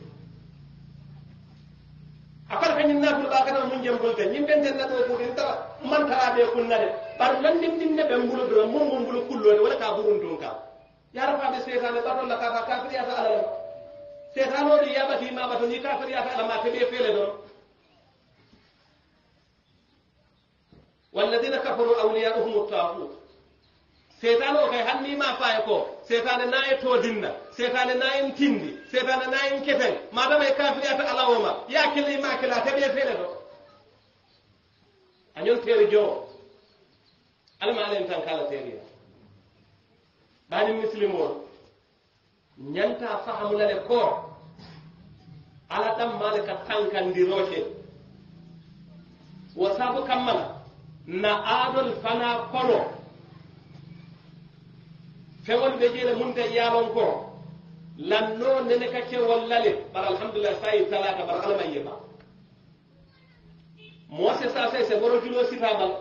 a kono ko ñin nafulo ɓa kata mun jembolte ñin ɓenten naɗo kuɗin tawat man ta abe kunna de par nan dim dim ne ben bulo do mo mo bulo kullo de wala ka burun don ka ya rafa be setan le baton la ka ka kafir ya ta ala setan o di ya ba ma ba ni kafir ya ta ala ma te be fele do والذين كفروا أولياؤهم الطاغوت setan o kay hanni ma faye ko setane naye todinna setane nayen tindi setane nayen keten madama e kafiriyata alawoma yakille ma kila teɓe fele ɗo أنيون تير جو ألم ألين تان كلا تيريا بني مسلمون نيانتا فهموا للكور على تم مالك تان كان ديروشي وسابو كمان نا أدل فنا كورو فهمون بجيل مونتا يابون كورو لن نو نينكا كي ولالي بار الحمد لله سايد تلاكا بار علم أيما moo se saasee se boro kiloo sitaa bala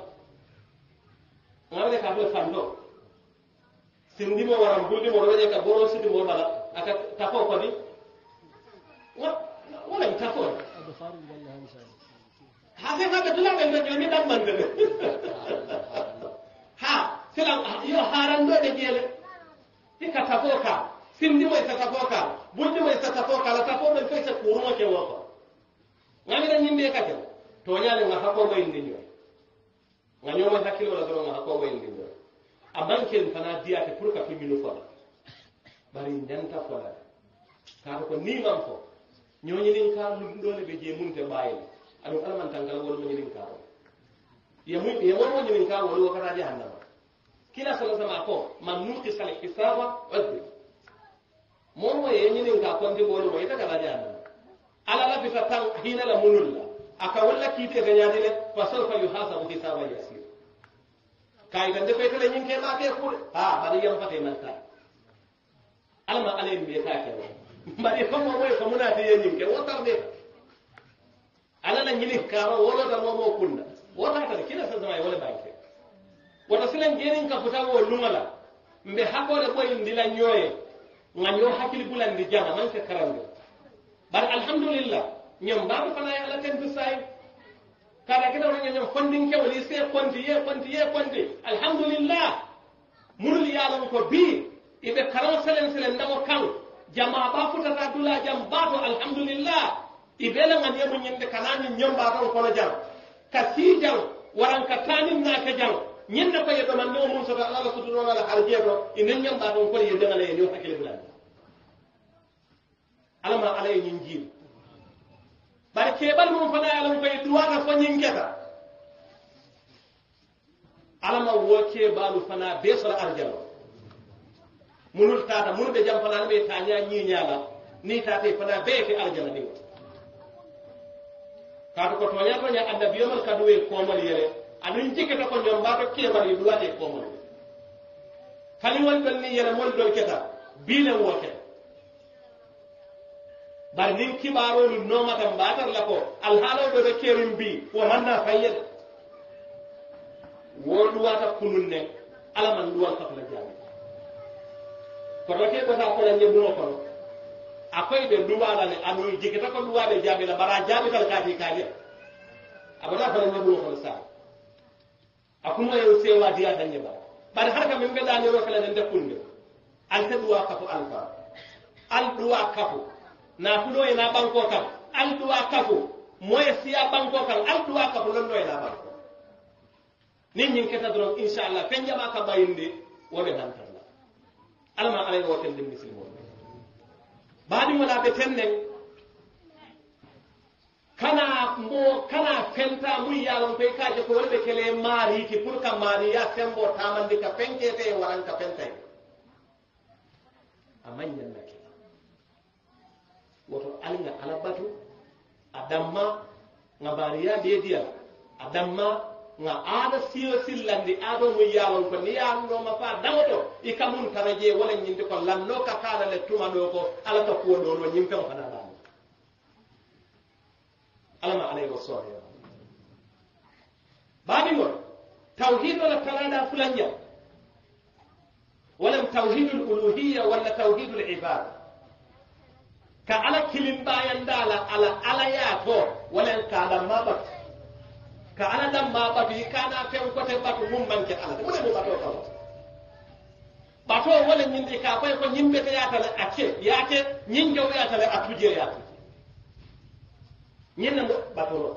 ŋaɓe ne ka fo fando sindimo waran guldimo ɗo ƴe ka boro sitimo bala aka tafo kodi walan tafo ha fe kaɓe tulaɓe ɓe joni ɗammande ɓe ha silan yo haranɗoɗe jeele i ka tafo ka sindimo e sa tafo ka buldimo e sa tafo ka la tapo ɗen fe se kurumo ke woko ŋaɓe ɗa ka kake tonyale nga hakomoyindi ñoy nga ñoma hakkilo la doro nga hakomoyindi ñoy a banken fana diyate pour ka tuñinu fola bari ndenta fola kaata ko ni niman fo ñoñinin kaar luɗɗole ɓe je munte ɓayile aɗum alamantankala wolmo ñinin kaaro ye wolmo ñinin kaar wolu wo kata jahannama kila sala sama ko man nuqisa al hisaba uddi momo ye ñinin ka konti wolmo ita kata jahannama ala la bisa tan hina la munulla aka walla kiite gañaadile fa sawfa yuhasabu hisaba yasir kayi gande feytele ñiŋ ke maake kuure bari yam fate man kaa alma ala yin ɓee kaa kewa bari fama moye fa munaate ye ñiŋ ke wo tarde ala la ñini kaama wolota momo kunna wotaatata kila sasama ye wole banke wota silan jeeniŋ ka futa wo luŋa la mbe hakkole ɓoyindi la ñooye ŋa ñoo hakkili bulandi jama maŋ ke karande bari alhamdulillah ñoom mbaamu ko fanaay ala tentu sayi kada kita wona ñoom ke wali se konti ye konti ye konti alhamdulillah murul yaalon ko bi be kala selen selen ndamo kan jama ba ta dula jam baato alhamdulillah be la ngani yemu ñinde kanani ñom ko kono jam ka si jam waran ka tanim na ka jam na ko yedo man no mun sota ala ko dun wala harje ko inen ñom baato ko yedo ngale yo hakile bulan alama alay ñin jiw bari kebal mum fana alam koye duwaga foñin keta alama wo kebal fana be sora arjano munul tata munu ɓe jam fanani ɓe taña ñiñala ni tate fana beyete arjana ni kaatu ko toña toña annabiyomal kaduwe komol yere aɗum jikkata ko ñom mbato keɓal ye ko mal kali wal ɗon ni yele mol dol keta bilen wo keta bari nin kibaarolu noomata mbaatar la ko alhaaloo be be keeriŋ bii wo maŋ naa fayye de wo duwata kunun ne ala maŋ luwal kafula jaabi koto ke ko taa kola kono a koy be luwaa ne aduŋ jikita ko luwaa be jaabi la bari a jaabital kaati kaaje a bota kola ñebuŋo kono saa a kuma yeŋ seewaa diyaata ñe bara bari har ka miŋ be daa ñoroo kala nente kunde alte duwa kafu alfa al duwa kafu na kulo ina banko kam al duwa kafo moye ya banko kam al duwa kafo londo ina banko nin nyin keta dron inshallah fen jama ka bayinde wobe dan tan alma alay wotel dem muslimo baadi mo be tenne kana mo kana fenta muy yalon ka je ko wolɓe kele mari ki pour ka mari ya sembo tamandi ka penkete e waran ka fentay amanyen mañanna woto ali nga alabatu adamma nga bariya bediya adamma nga aada siyo sillandi aado mu yaalon ko ni yaalunoma fa damoto i kamun tara je wala ñinde ko lanno ka kaala le tuma ɗo ko ala ka kuwo ɗo ɗo ñim fen fana laami alama alayhi wa sahbihi baɗigol tawhid ola talaɗa fulanjal walam tawhidul uluhiya walla tawhidul ibada ka ala da ala ala ala yato walan ka ma ba ka ala ka na yi ko te ba batu mum manke ala mu ne t'o bato Ba t'o wala nyindi ka koy ko ya ta a la ya yake nyin jaw yata la ya yata nyen ba bato lo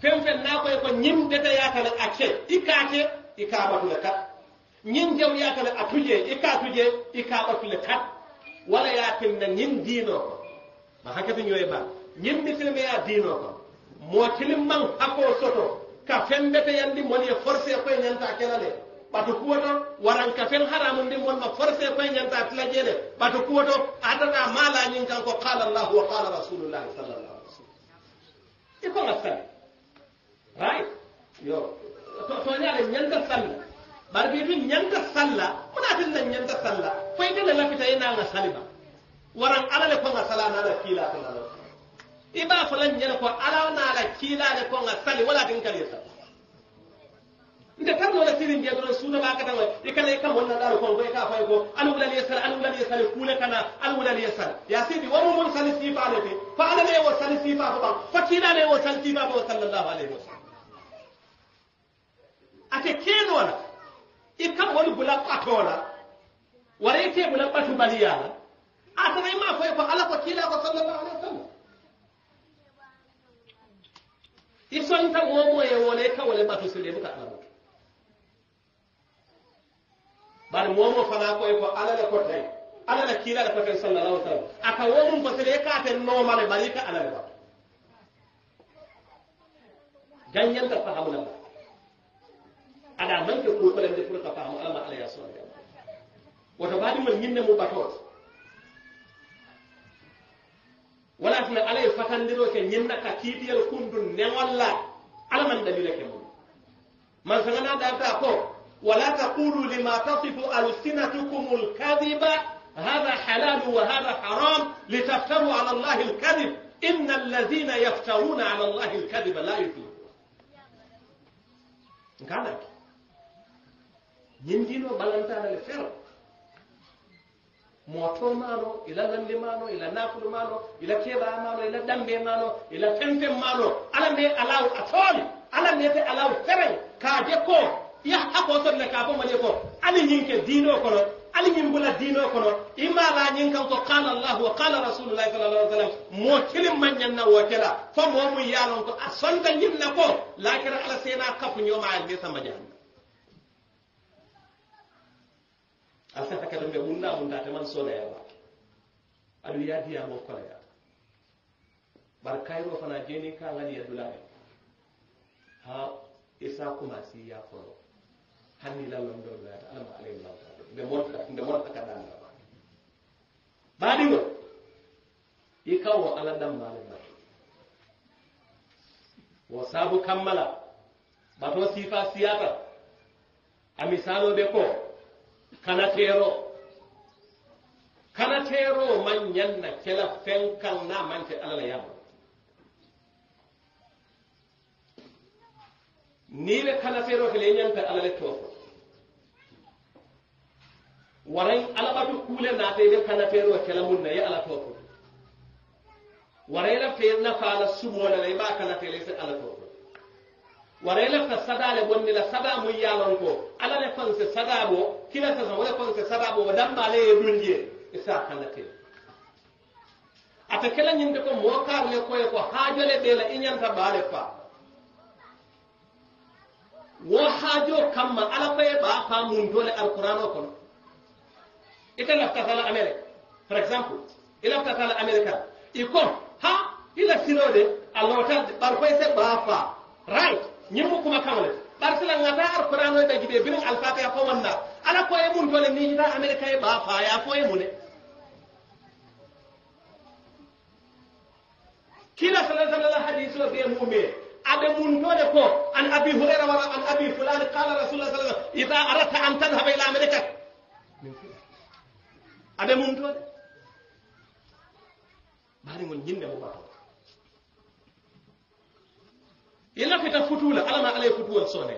fen fen na ko ko nyimbe ta yata la ake ikake ika batu la kat nyin jaw yata la atuje ika atuje ika batu la ka wala yaatin na ñin diinoo ko ba hakkati ñoy baa ñin mi tilima yaa diinoo ko moo tili maŋ hakkoo soto ka fembete yandi moni ye forcé koye ñanta kela le bato kuwoto waran ka fen haramu ndi mon ma forcé koye ñanta tila jeene bato kuwoto adata maala ñin kan ko qala allahu wa qala rasulullahi sal allahu alih wa sallam i konga sali rayi yo tooñaale ñanta salla bar bi tu ñanta salla munaatin na ñanta salla koyte le lafita ye naa ŋa saliba waraŋ ala le ko ŋa sala naa la kiila ko la i b'a ko ala naa la kiila le ko ŋa sali wala tin kali kan wala je b'a kana ko k'a ko kana wa mun te fa ala fa sallallahu alaihi wasallam warayte mulabbatu a atana ima koye ko ala ko kiilako sallallahu alih wa sallam i momo e wale ka wole ɓatu sulebu ka alamutu bari momo fana koye ko alala kotay alala kiilala koten sallallahu alih wa sallam aka womum ko sele noma le bari ka alala ɓatu gañanta fahamu lamba aɗa manke kuukolende pour ka fahamu alama alaya sonde woto baadimol ñinne mu batoot wala tana ala ye fatandiro ke ñinna ka kiitiyel kundu neŋol la ala man dalila ke mum man sagana data ko wala taqulu lima tasifu alsinatukum alkadiba hada halalu wa hada haram litaftaru ala allahi alkadib إن الذين يفترون على الله الكذب لا يفلحون كانك يندينو بلانتا على الفرق moto maano ila lande maano ila nafudu maano ila keɓa maano ila ɗambe maano ila fenfen maano ala mbe alaw a toole ala mbiyete alaw fereŋ kaaje ko iya hako sonne ka fo mone ko ali ñiŋ ke diino kono ali ñiŋ bula diino kono i maala ñiŋ kaŋ ko qala allahu wa qala rasulullahi sal allah sallam moo kilim maŋ ñaŋ na wo kela fo moo muŋ ye a loŋ ko a sonta ñiŋ na ko laakira ala seena kafu ñooma ali ne samba jahanna mun ta ta alfata ka ɗum ɓe wunnamunta ya soleyawa aɗum yaadiyamo koleya bar kayro fana jeni ka gani yadulaɓe ha isa kuma si ya folo hanni lallon ɗo ɗoyata alama alayhi lawtaɓe nde monta nde monta ka ɗannama baɗigo i kawo ala ɗammale ma wo sabu kammala bato sifa siyata a be ko kala teero kala teero man ñanna kela fenkal na mante allah yamo niile kala teero kele ñante allah le tooto waran alabatu kuule naate ɓe kana teero kela mum naye ala tooto warayla fe nafaala sumoolalay ma kana telese ala tooto wara la ta sada le bonni la sada mu yalon ko ala le kon se sada bo kila ta wala kon se sada bo dan ma le dunje isa kanate ata kala nyin ko mo kar le ko ko hajole be la inyan ta bale fa wo hajo kamma ala be ba fa mun dole alqur'ano kon ita la ta sala america for example ila ta sala america iko ha ila sirode allah ta bar ko se ba fa right ñimmu kuma kaŋole ɓar sila ŋata alqur'ano ɓe jiɓe biriŋ alfatiha fo wonna ala ko ye mun tole ni jita america ye ɓa faya fo ye mune kila sala salala hadiso ɓe mume aɓe muntode ko an abi hurera wara an abi fulan qala rasulullah sa sallam ida aradta an tadhaba ila america aɓe muntode ɓariŋol ñinde mo ɓato yalla fita futula alama alay futuwol soone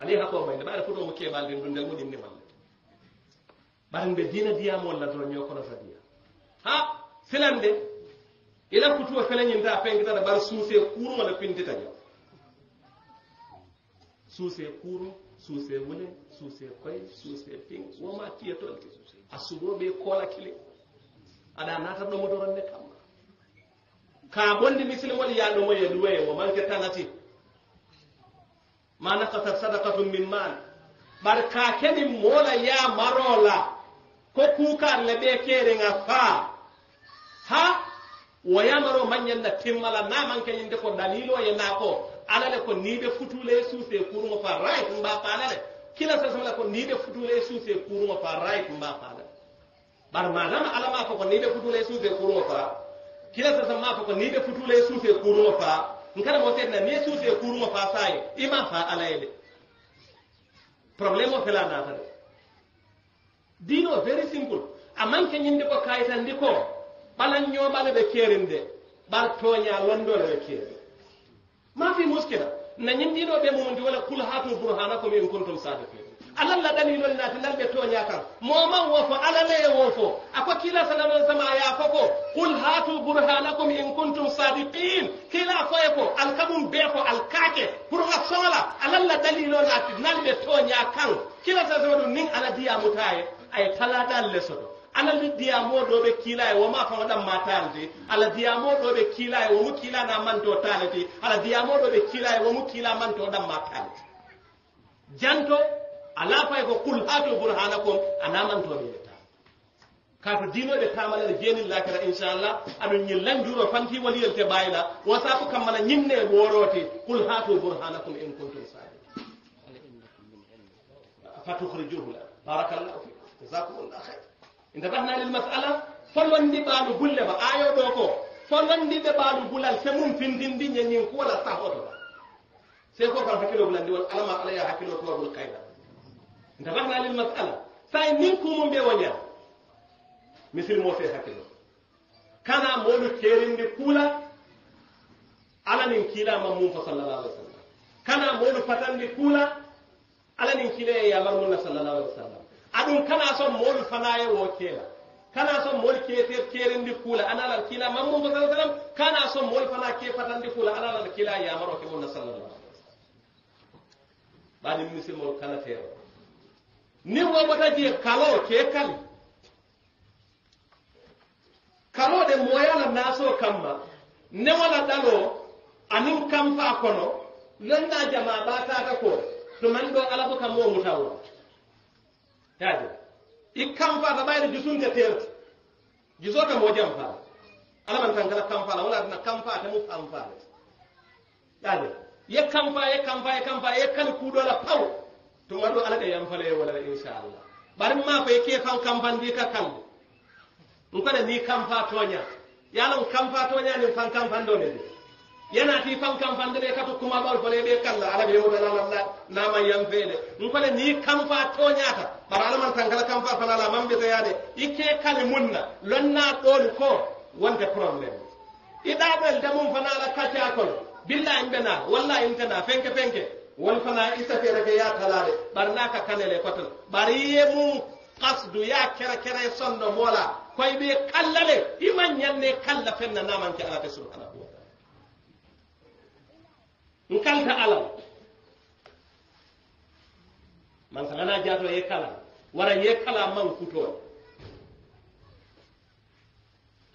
ali hako may ne ɓaade futomo keɓal ndin ɗu ndel muɗin ni walle ɓaran ɓe dina diyamol la doon ño kono sa diya ha silande ila futuwo felañinta pengitata ɓar suuse kurum ala pintita ño suuse kurum suuse wule suuse koye suuse ping woma tiyatolti a suɓo ɓe koola kile aɗa natatno motoronne kamma ka bondi misilimol yaɗomo ye luwaye wo manke tanati ma nakasat sadakatum min mal bar ka keni moola ya marola ko kukar le ɓe kerenga faa ha wo yamaro mañanna timmala na manke yinde ko dalilo ye na ko alale ko niɓe futule suuse kurugo fa right mba falale kila sasamala ko niɓe futule suuse kurugo fa right mba falale bar manama alama ko ko niɓe futule suuse kurugo fa kilasa sa maa foko niibe futula e suufe kuruma faa nkara mo seetna mie suufe kuruma faa saa yo ima faa alaye de problème o fela naata de diine o very simple a manque ñinde ko kayitandi ko ɓalanñoɓala ɓe keerin de ɓar tooña londole ɓe keeri ma fi muskila na ñindinoɓe mumundi wala kul hatu bourhana ko mi en contol saade fi alalla dalilol naati nan ɓe toña kan moman wo fo wofo ako kila salalah sama aya fo qul hatu burhanakum in kuntum sadiqin kila foye ko alkamum bee ko alkaake pour ha sola alal dalilo naati nan ɓe tooña kan kila sa sama ɗum nin ala diyamutaye aye talaɗal lesoto ala diyamo ɗo ɓe kiila woma fawa ɗam ma taalde ala diyamo ɗo ɓe kiila womu kiilana manto taalete ala diyamo ɗo ɓe kiila womu kiila manto ɗam ma taalde janto ala fay ko qul hatu burhanakum anaman to be ta kato dino de tamala de jeni lakara inshallah adu nyi lanjuro fanti wali yelte bayla wasa ko kamala nyinne worote qul hatu burhanakum in kuntum sadiqin fatukhrijuhu barakallahu fikum jazakumullahu khair intabahna lil mas'ala follondi balu bulle ba ayo do ko follondi be balu bulal se mum findindi nyen nyen ko wala sahoto se ko fa hakilo bulandi wal alama alaya hakilo ko wal qaida انتبهنا للمسألة ساي منكم من بيوانيا مثل موسى حكيلو كان مولو كيرين دي كولا على نكيلا ممون صلى الله عليه وسلم كان مولو فتن دي كولا على نكيلا يا مرمون صلى الله عليه وسلم أدون كان أصلا مولو فنايا وكيلا كان أصلا مول كيتير كيرين دي كولا أنا لكيلا ممون صلى الله عليه وسلم كان أصلا مول فنا كي فتن دي كولا أنا لكيلا يا مرمون صلى الله عليه وسلم بعد مثل مول كان Ni wo bota jee kalo kee kali kalo de moya la naasoo kamma newo la daloo aniŋ kanfaa kono nan naa jamaa baataata ko man do ala ko moo muta wo yaaje i kanfaata bayri jusunte teerti jisoo ka moo fa? ala man kala kanfaa la wala tina kanfaa ta mu kanfaa le ye kanfaa ye kanfaa ye kanfaa ye kali ku la pau to waɗo alaga yam fala wala allah bari ma yake kan kan bandi ka kan in koɗa ni kampa kan yalon kampa toñanin fan kampandone de yanati fan be kan la fole ɓe da ala ɓe yewɗalalalla naman yam ne in koɗa ni kampa toñata ɓara alaman tankala kampa falala mamɓiteyade ikke kali munna lonna ɗoni ko wonde da mun fana la kacca kono billa in ɓena walla in tena fenke fenke wani fana isa fere fe ya talale barna ka kanele koton bari ye mu qasdu ya kere kere do mola koy be kallale iman yanne kalla fenna naman ke ala subhanahu wa ta'ala nkanta alam man sagana jato ye kala wara ye kala man kuto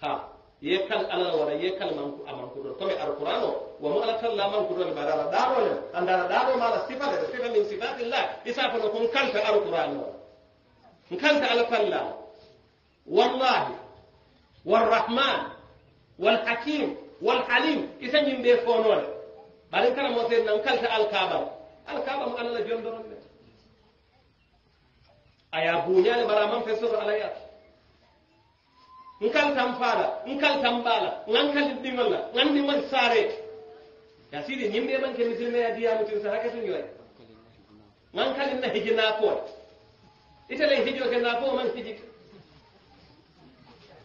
ha يكل على ولا يكل من من كدر على القرآن وما لك لا من كدر ما دار دارون أن دار دارون ما الصفة الصفة من صفات الله إسحاق لكم كل في القرآن كل على فلا والله والرحمن والحكيم والحليم إذا من بيفونون بل إن كان مثلا كل في الكعبة الكعبة ما أنا لا جنب أيابونيا لبرامم في سورة nkal tam fala nkal tam di ŋankali ngan di mal sare? Ya sidi ñim de man ke misilmeya mutin sa hake tun yoy ŋankali na hiji naakool itele hijo ke naakoo man hijita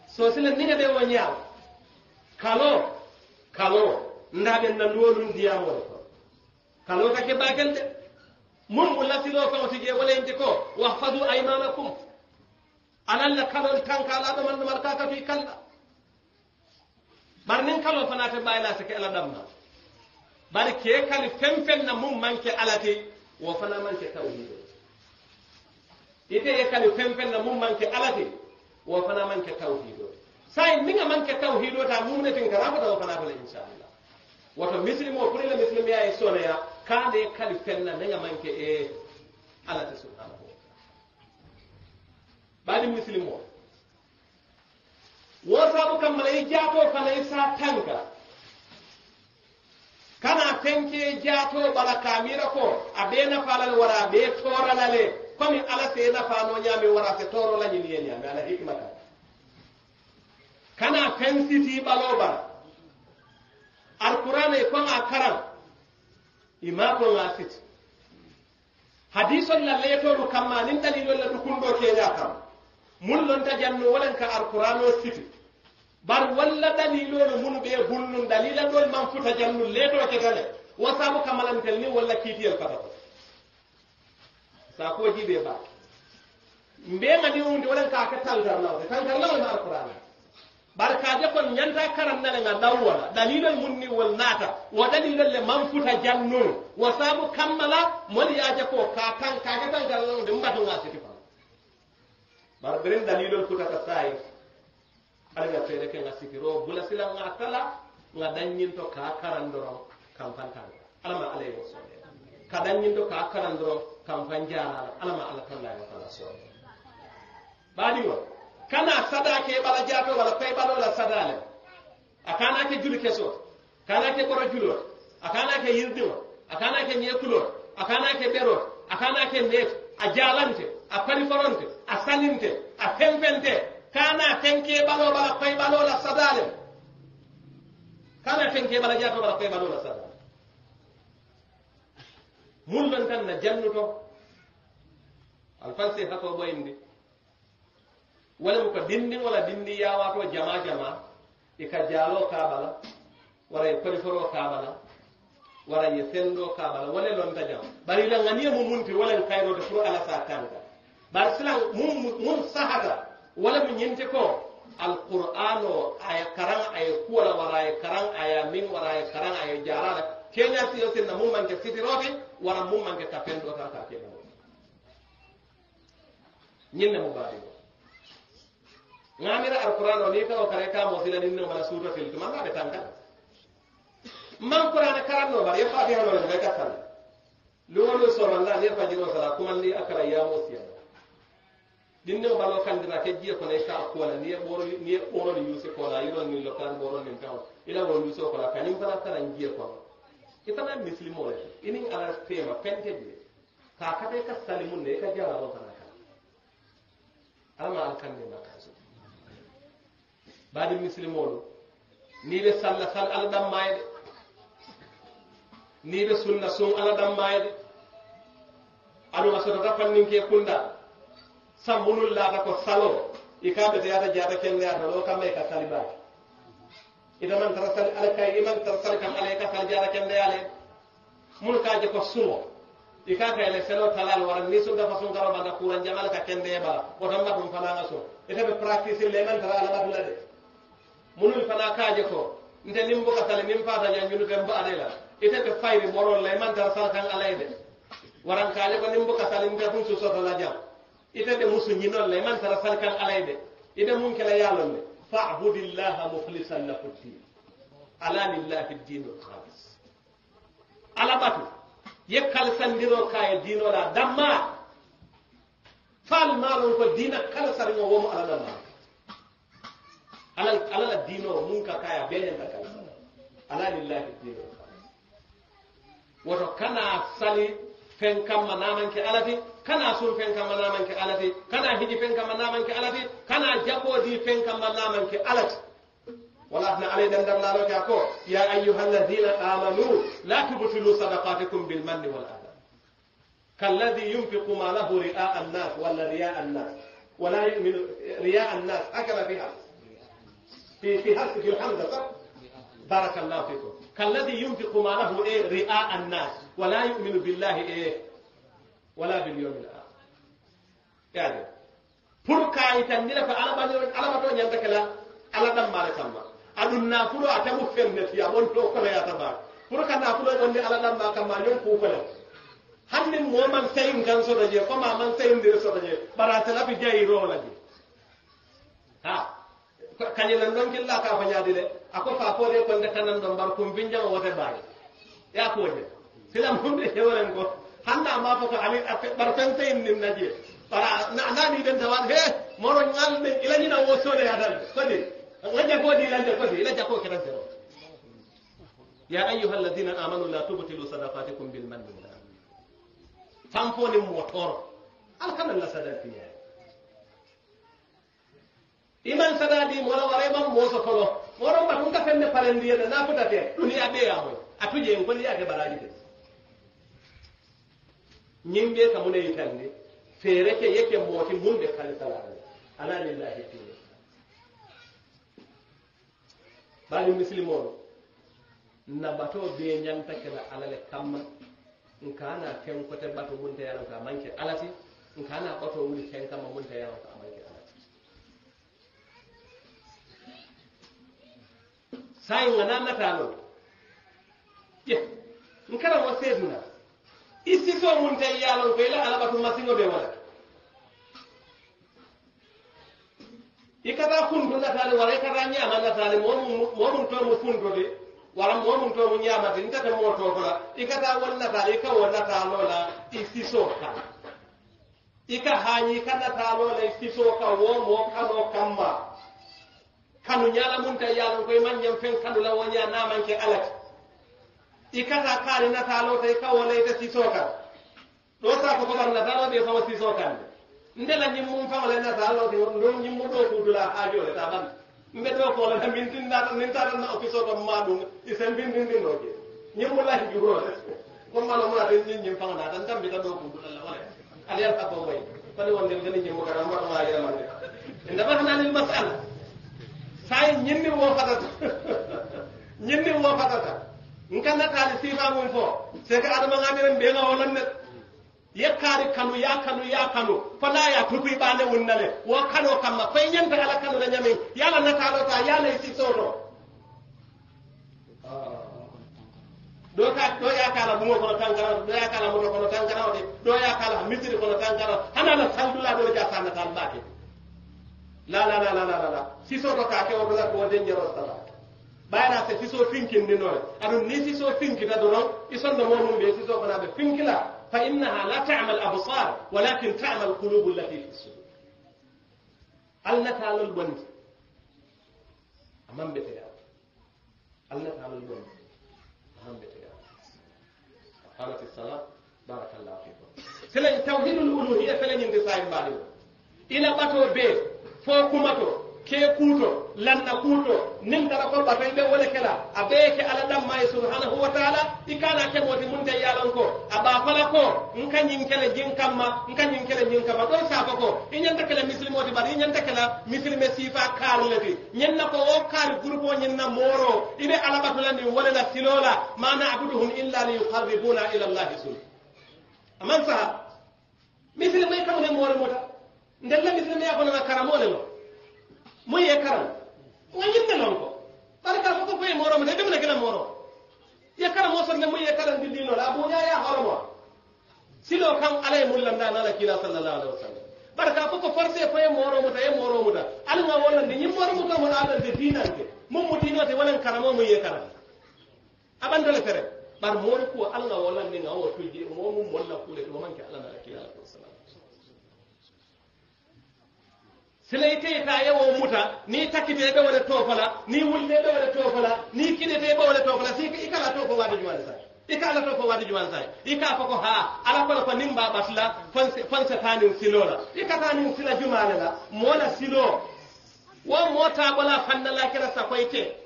so sila niŋa ɓe wo kalo kalo nda be na luwolum diyamole kalo ka ke bakel de mun mu lasiloo kaŋo tije wala inte ko wahfadu aymanakum analla kalol tan ka ala dama ɗumal ka fi kalɗa bar nin kalol fanate bayla sake ala ɗamna bari ke kali fen fen na mum manke alate wa fana manke tawhid ite ya kali fen fen na mum manke alate wa fana manke tawhid sai ga manke tawhido ta mumnetin kara fata wo fana fala inchallah woto misilimo pour ila misilimiya e sonaya, ka ne kali fen na ga manke e alate subhanahu bani misilimo wo wasu kammala i jato fana i sa tanga kana tanke jato bala kamira ko a be nafalale wara a tora lale komi ala se nafano ñaami wara se la ni ye ñaami ala hikmata kana fensi ti baloba bara alqurana e konga akara ima la siti hadisol la leetoru kamma nin dalilol la ke ya kam mullonta janno walan ka alqur'ano siti bar walla dalilolu munu ɓe gunnun dalila ɗol man futa jannu leeto kegale wasabu kamalantel ni walla kiitiyel fatako sakoji ɓe ba mbemani wunde walan ka ka tankarlawde tankarlawol ma alqur'ana bar kaje kon ñanta karannale nga nawwala dalilol mun ni wol naata wa dalilol le man futa jannu jannun wasabu kammala mol yaaje ko ka tan kake tankarlawde mbatu nga siti fa bar dan Yudon futata sayi ada fere ke nga sikiro bula sila nga tala nga dañinto ka karan doron kamfan alama alai yo sole ka dañinto ka karan doron kamfan alama ala talla yo tala sole wo kana sada ke bala jato wala pay bala wala sadale akana ke juli keso kana ke koro julo akana ke yirdimo akana ke nyekulo akana ke bero akana ke net a jalante a a salinte a fenfente kana fenke ɓalo ɓala koye ɓalola sadale kana fenke ɓala jato ɓala koye ɓalola sadale mullon tan na jannuto alfansi hato ɓoyinde wala ko dindi wala dindi yawato jama jama eka jalo kaɓala wara e koniforo kaɓala wara ye sendo kaɓala wala e lonta jam barila ganiye mumuntir walan e kayrode pour alasa tanka bari silan mun sahaga wala mu ñinte ko alquran aya karan aya kuwola wala aya karan aya min wala aya karan aya jarala keña siyo sinna mum manke sitirote wala mum manke kapen ta tan ka keɓao ñinne mo alqur'ano o gamira alquran o ni kao kare ka mosila ninne mana suuta filtuma ngaɓe tan ka man qurana karanno bara yo fatihanolene ɓe ka tan luwolu soralla ni fajiro sala ni akala yawo siyala dinne ballo kandira ke jiya kono ita akkola niye ɓoroli niye ɓoroli yuusi kola yiro min lokan ɓorol min taw ila won yuusi kola kañum fana taran jiya kono itana misilimo le ala tema pente je ka kata ka salimun ne ka jararo fana kan alama badi misilimolu ni ɓe salla sal ala ɗammaye de ni ɓe sunna sun ala ɗammaye de aɗuma sotota panninke kunda sambulul laata ko salo i kamɓe to yata jeata kelle atalo kamɓe ka salibaake ita mantara sali ala kay i mantara sali kam ala ka sali jeata kelle ale mun ka je ko sumo i ka kayle selo talal wara ni sum dafa sum garo baga kuran jamala ka kende ye bala otan batum fananga so itaɓe practice le mantara ala batula de munul fana kaje ko nte nim buka sali nim fata jañunu ken ba ade la itaɓe fayri borol le mantara sal kan alay de waran kaje ko nim buka sali nte fum susotala jam ite de musu ñinol la iman tara salkal alay de ide mun kela yaalon de fabudillaha muhlisan lahu ddin ala lillahi ddinu lhalis ala batu yekkal sandiro kaye dinola damma faal maaron ko dina kala sariŋo womo ala la maa ala ala la dino mun ka kaya beenenta kal ala lillahi dino woto kana sali feŋ kamma namanke ala ti kana sun fen kama naman ke alati kana hiji fen kama naman ke alati kana jabo di fen kama naman ke alati wala na alai dan dan lalo ka ko ya ayyuhal ladina amanu la tubtilu sadaqatikum bil manni wal adha kalladhi yunfiqu ma lahu ri'a an-nas wala ri'a an-nas ولا يؤمن رياء الناس أكل فيها في في حرف في الحمزة صح؟ بارك الله فيكم كالذي ينفق ماله إيه رئاء الناس ولا يؤمن بالله إيه wala bil yawmil akhir kaade pour ka itandira ko alama yo alama to nyanta kala ala dam mare kamma adun na fulo atamu fenne tiya won to ko ya taba pour ka na fulo wonde ala dam ma kamma yon ko ko la hannin mo man sayin kan so daje ko ma man sayin dir so daje barata labi jayi ro la ji ha kañe nan ɗon gilla ka fañaadi de ako faafode konde kanan ɗon mbar kum binjama wote mbaari yakoje silam humde hewren ko handa ma foto ali bartante inni naje para na nani den tawat he moro ngalde ilani na wosole hadal kodi waja kodi ilani kodi ilaja ko kiran zero ya ayyuha alladhina amanu la tubtilu sadaqatikum bil manni wal adha tampo ni motor alhamdulillah sadaqati ya iman sadadi mola wara man moso kolo moro ba kun ka fenne palendiye na futate duniya be yawo atuje en koli yake baraji ñiŋ bee ka muna yitandi feere ke ye ke mooti mun be kalisalaala le ala lillahi fiye baani misilimoolu nabatoo be ñanta ke la ala le kamma nka ana kenkote batu munte yalan ko a maŋ ke ala ti nka ana batoo wuli ken kamma munte yalan ko a manke ke ala ti saayiŋ ŋa nkara wo seedunaa istirto wunte yaalon koy la alaɓatu masiŋo ɓe wala i kata funtu natale wala i kata ñama natale mo mum tomo funto de wala mo mum tomo ñamate i kata moo tootola i kata wo natale i ka wo natalo la i siso kam i ka haañi i ka natalo la i siso ka wo mo kano kam ma kanu ñala munta yaalon koy man ñam feŋ kanu la wo ña namanke alati ikata kaali nataaloo tay kawo layta sisoo kan ɗo saako kobar nataaloo ɓe fawo sisoo kande ndela ñimmum faŋole nataaloo te ñimmu ɗo kuudula haajole ta ɓan mbe ɗo koolena min tinnata min tatanna o sisoo to ma ɗum isen ñimmu lahi ko ñin ñim naatan tambita ɗo wala aliyal fani wonde ñimmu mbatoma masala ñinni wo fatata ñinni wo fatata nkanna kaali siifa mun fo seke adamaŋamiren beŋa wo lon ne ye kaari kanu ya kanu ya kanu fala ya tukuy ɓaane wunna le wo kano kamma koye ñanta ala kanu la ñamin yala nakaalo ta yala si sooto ɗo ka ɗo ya kala buŋo kono tankara ɗo ya kala moto kono tankara de ɗo ya kala misiri kono tankara hana la sandula ɗo ja sannatal ɓaake la la la la la la la si sooto ka ke wo ɗo ko wo den jero sala bayra se siso finkindi noon aɗum ni siso finkita donon isonno momum ɓe siso konaɓe finkila fa innaha la tama l absar walakin tama l qulubu llati fi sudur alnatalol bondi aman ɓeteya alnatalol bondi aman ɓeteya qamat sala barakallahu fikum selen tawhidul uluhiya seleñinde sahin mbaɗi o ila ɓato be fo kumato ke kuto lanna kuto nin tara ko ba be wala kala abe ke ala dam mai subhanahu wa ta'ala ikana ke moti mun ta yalan ko aba fala ko in kan yin kala jin kamma in kan yin kala jin kamma don safa ko in yanta kala muslimo ti bari in yanta kala muslime sifa kar lati nyen na ko o kar gurbo nyen na moro ibe ala batula ni wala la silola ma na'buduhum illa li yuqarribuna ila allah zulfa aman sa muslime kan ne moro mota ndella muslime ya ko na karamo le moy e karam o ne noon ko ɓara kala fof ko koye moro mede ɗemne kene moro ye karam o sonne moy e karam dillinooɗa abuña ya horomo silo kam ala e mullanɗa nala kila sallallahu alayhi wa sallam ɓara ka fof ko forcé koye moromuta e moromuta alga wollande ñim moromuta mon aɗande dinante mum mo dinote wonen karamo moy e karam aɓandole fere nga moori kuwa alga wollande ga o tujje momum molla kuure ɗo manke na silaite ta yewo muta ni takkite ɓe wole tofala ni wulle ɓe wole tofala ni kiɗete ɓe wole tofala si ikala to ko wade jumale sa ikala to ko wade jumale sa ika foko ha ala kola ko nin mba ɓatla fonse tanin silola ikatanin sila jumale la mola silo wo motaɓola fannalakira sakoyte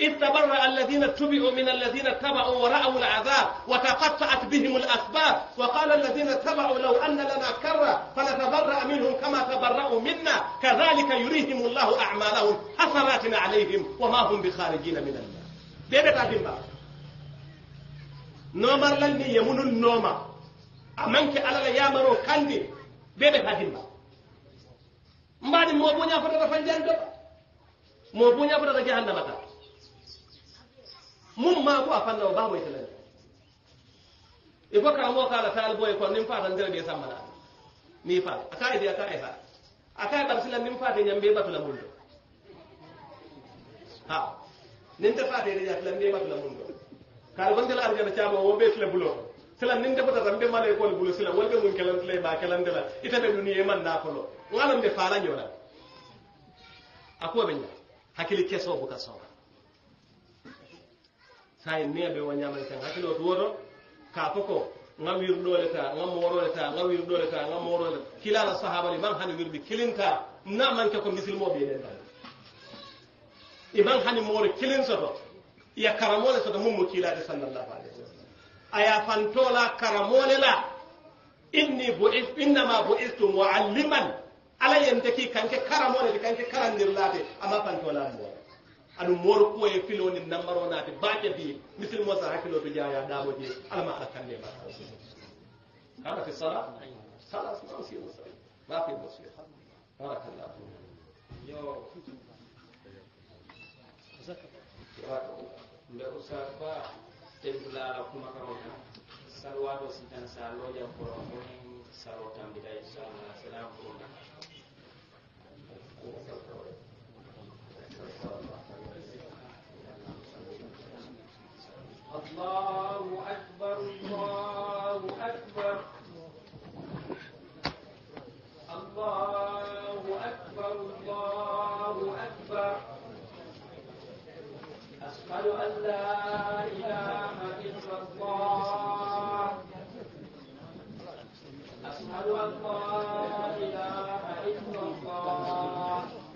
إذ تبرأ الذين اتبعوا من الذين اتبعوا ورأوا العذاب وتقطعت بهم الأسباب وقال الذين اتبعوا لو أن لنا كرة فنتبرأ منهم كما تبرأوا منا كذلك يريهم الله أعمالهم حسرات عليهم وما هم بخارجين من النار بيبي تاكين بار نومر لني يمون النوم أمنك على يامرو كندي ديبي تاكين بار مبادي موبونيا فترة فنجان دو موبونيا فترة جهنم تاكين mun ma ko afan da babu ita lalle e ko kamo kala tal boy ko nim fatan dere be samana ni fa aka ide aka ida aka ida bislan nim fatan nyambe batula mundo ha nin ta fata ide jatla nim batula mundo kal wonde la arjana chama wo be tule bulo sila nin ta bata tambe male ko bulo sila wolbe mun kelan tule ba kelan dela ita be duniye man na kolo ngalam de fala nyola akwa benya hakili keso buka soba hay nebe wa nyamal tan hakkilo to woto ka fo ko ngam wirɗole ta ngam worole ta ngam wirɗole ta ngam worole sahaba li ban hani bi kilinta na manke ko misilmo ɓiyeɗen tan iban hani moore kilin soto ya karamole soto mum mo kiilade sallllahu alayhi wa sallam aya fantola karamole la inni innama boistum wa alliman ala yen deki kanke karamole de kanke karandirlade ama fantola mo anu mor ko e filo ni namaro na te baake bi misil mo sa hakilo to jaya daabo je alama ala kande ba kana fi sala sala asma usi musa ma fi musa barakallahu yo nde usa ba tembulala kuma karona salwaɗo sitan sa lojam koro onin salo tambita inchallah salam kona الله أكبر الله أكبر الله أكبر الله أكبر أشهد أن لا إله إلا الله أشهد أن لا إله إلا الله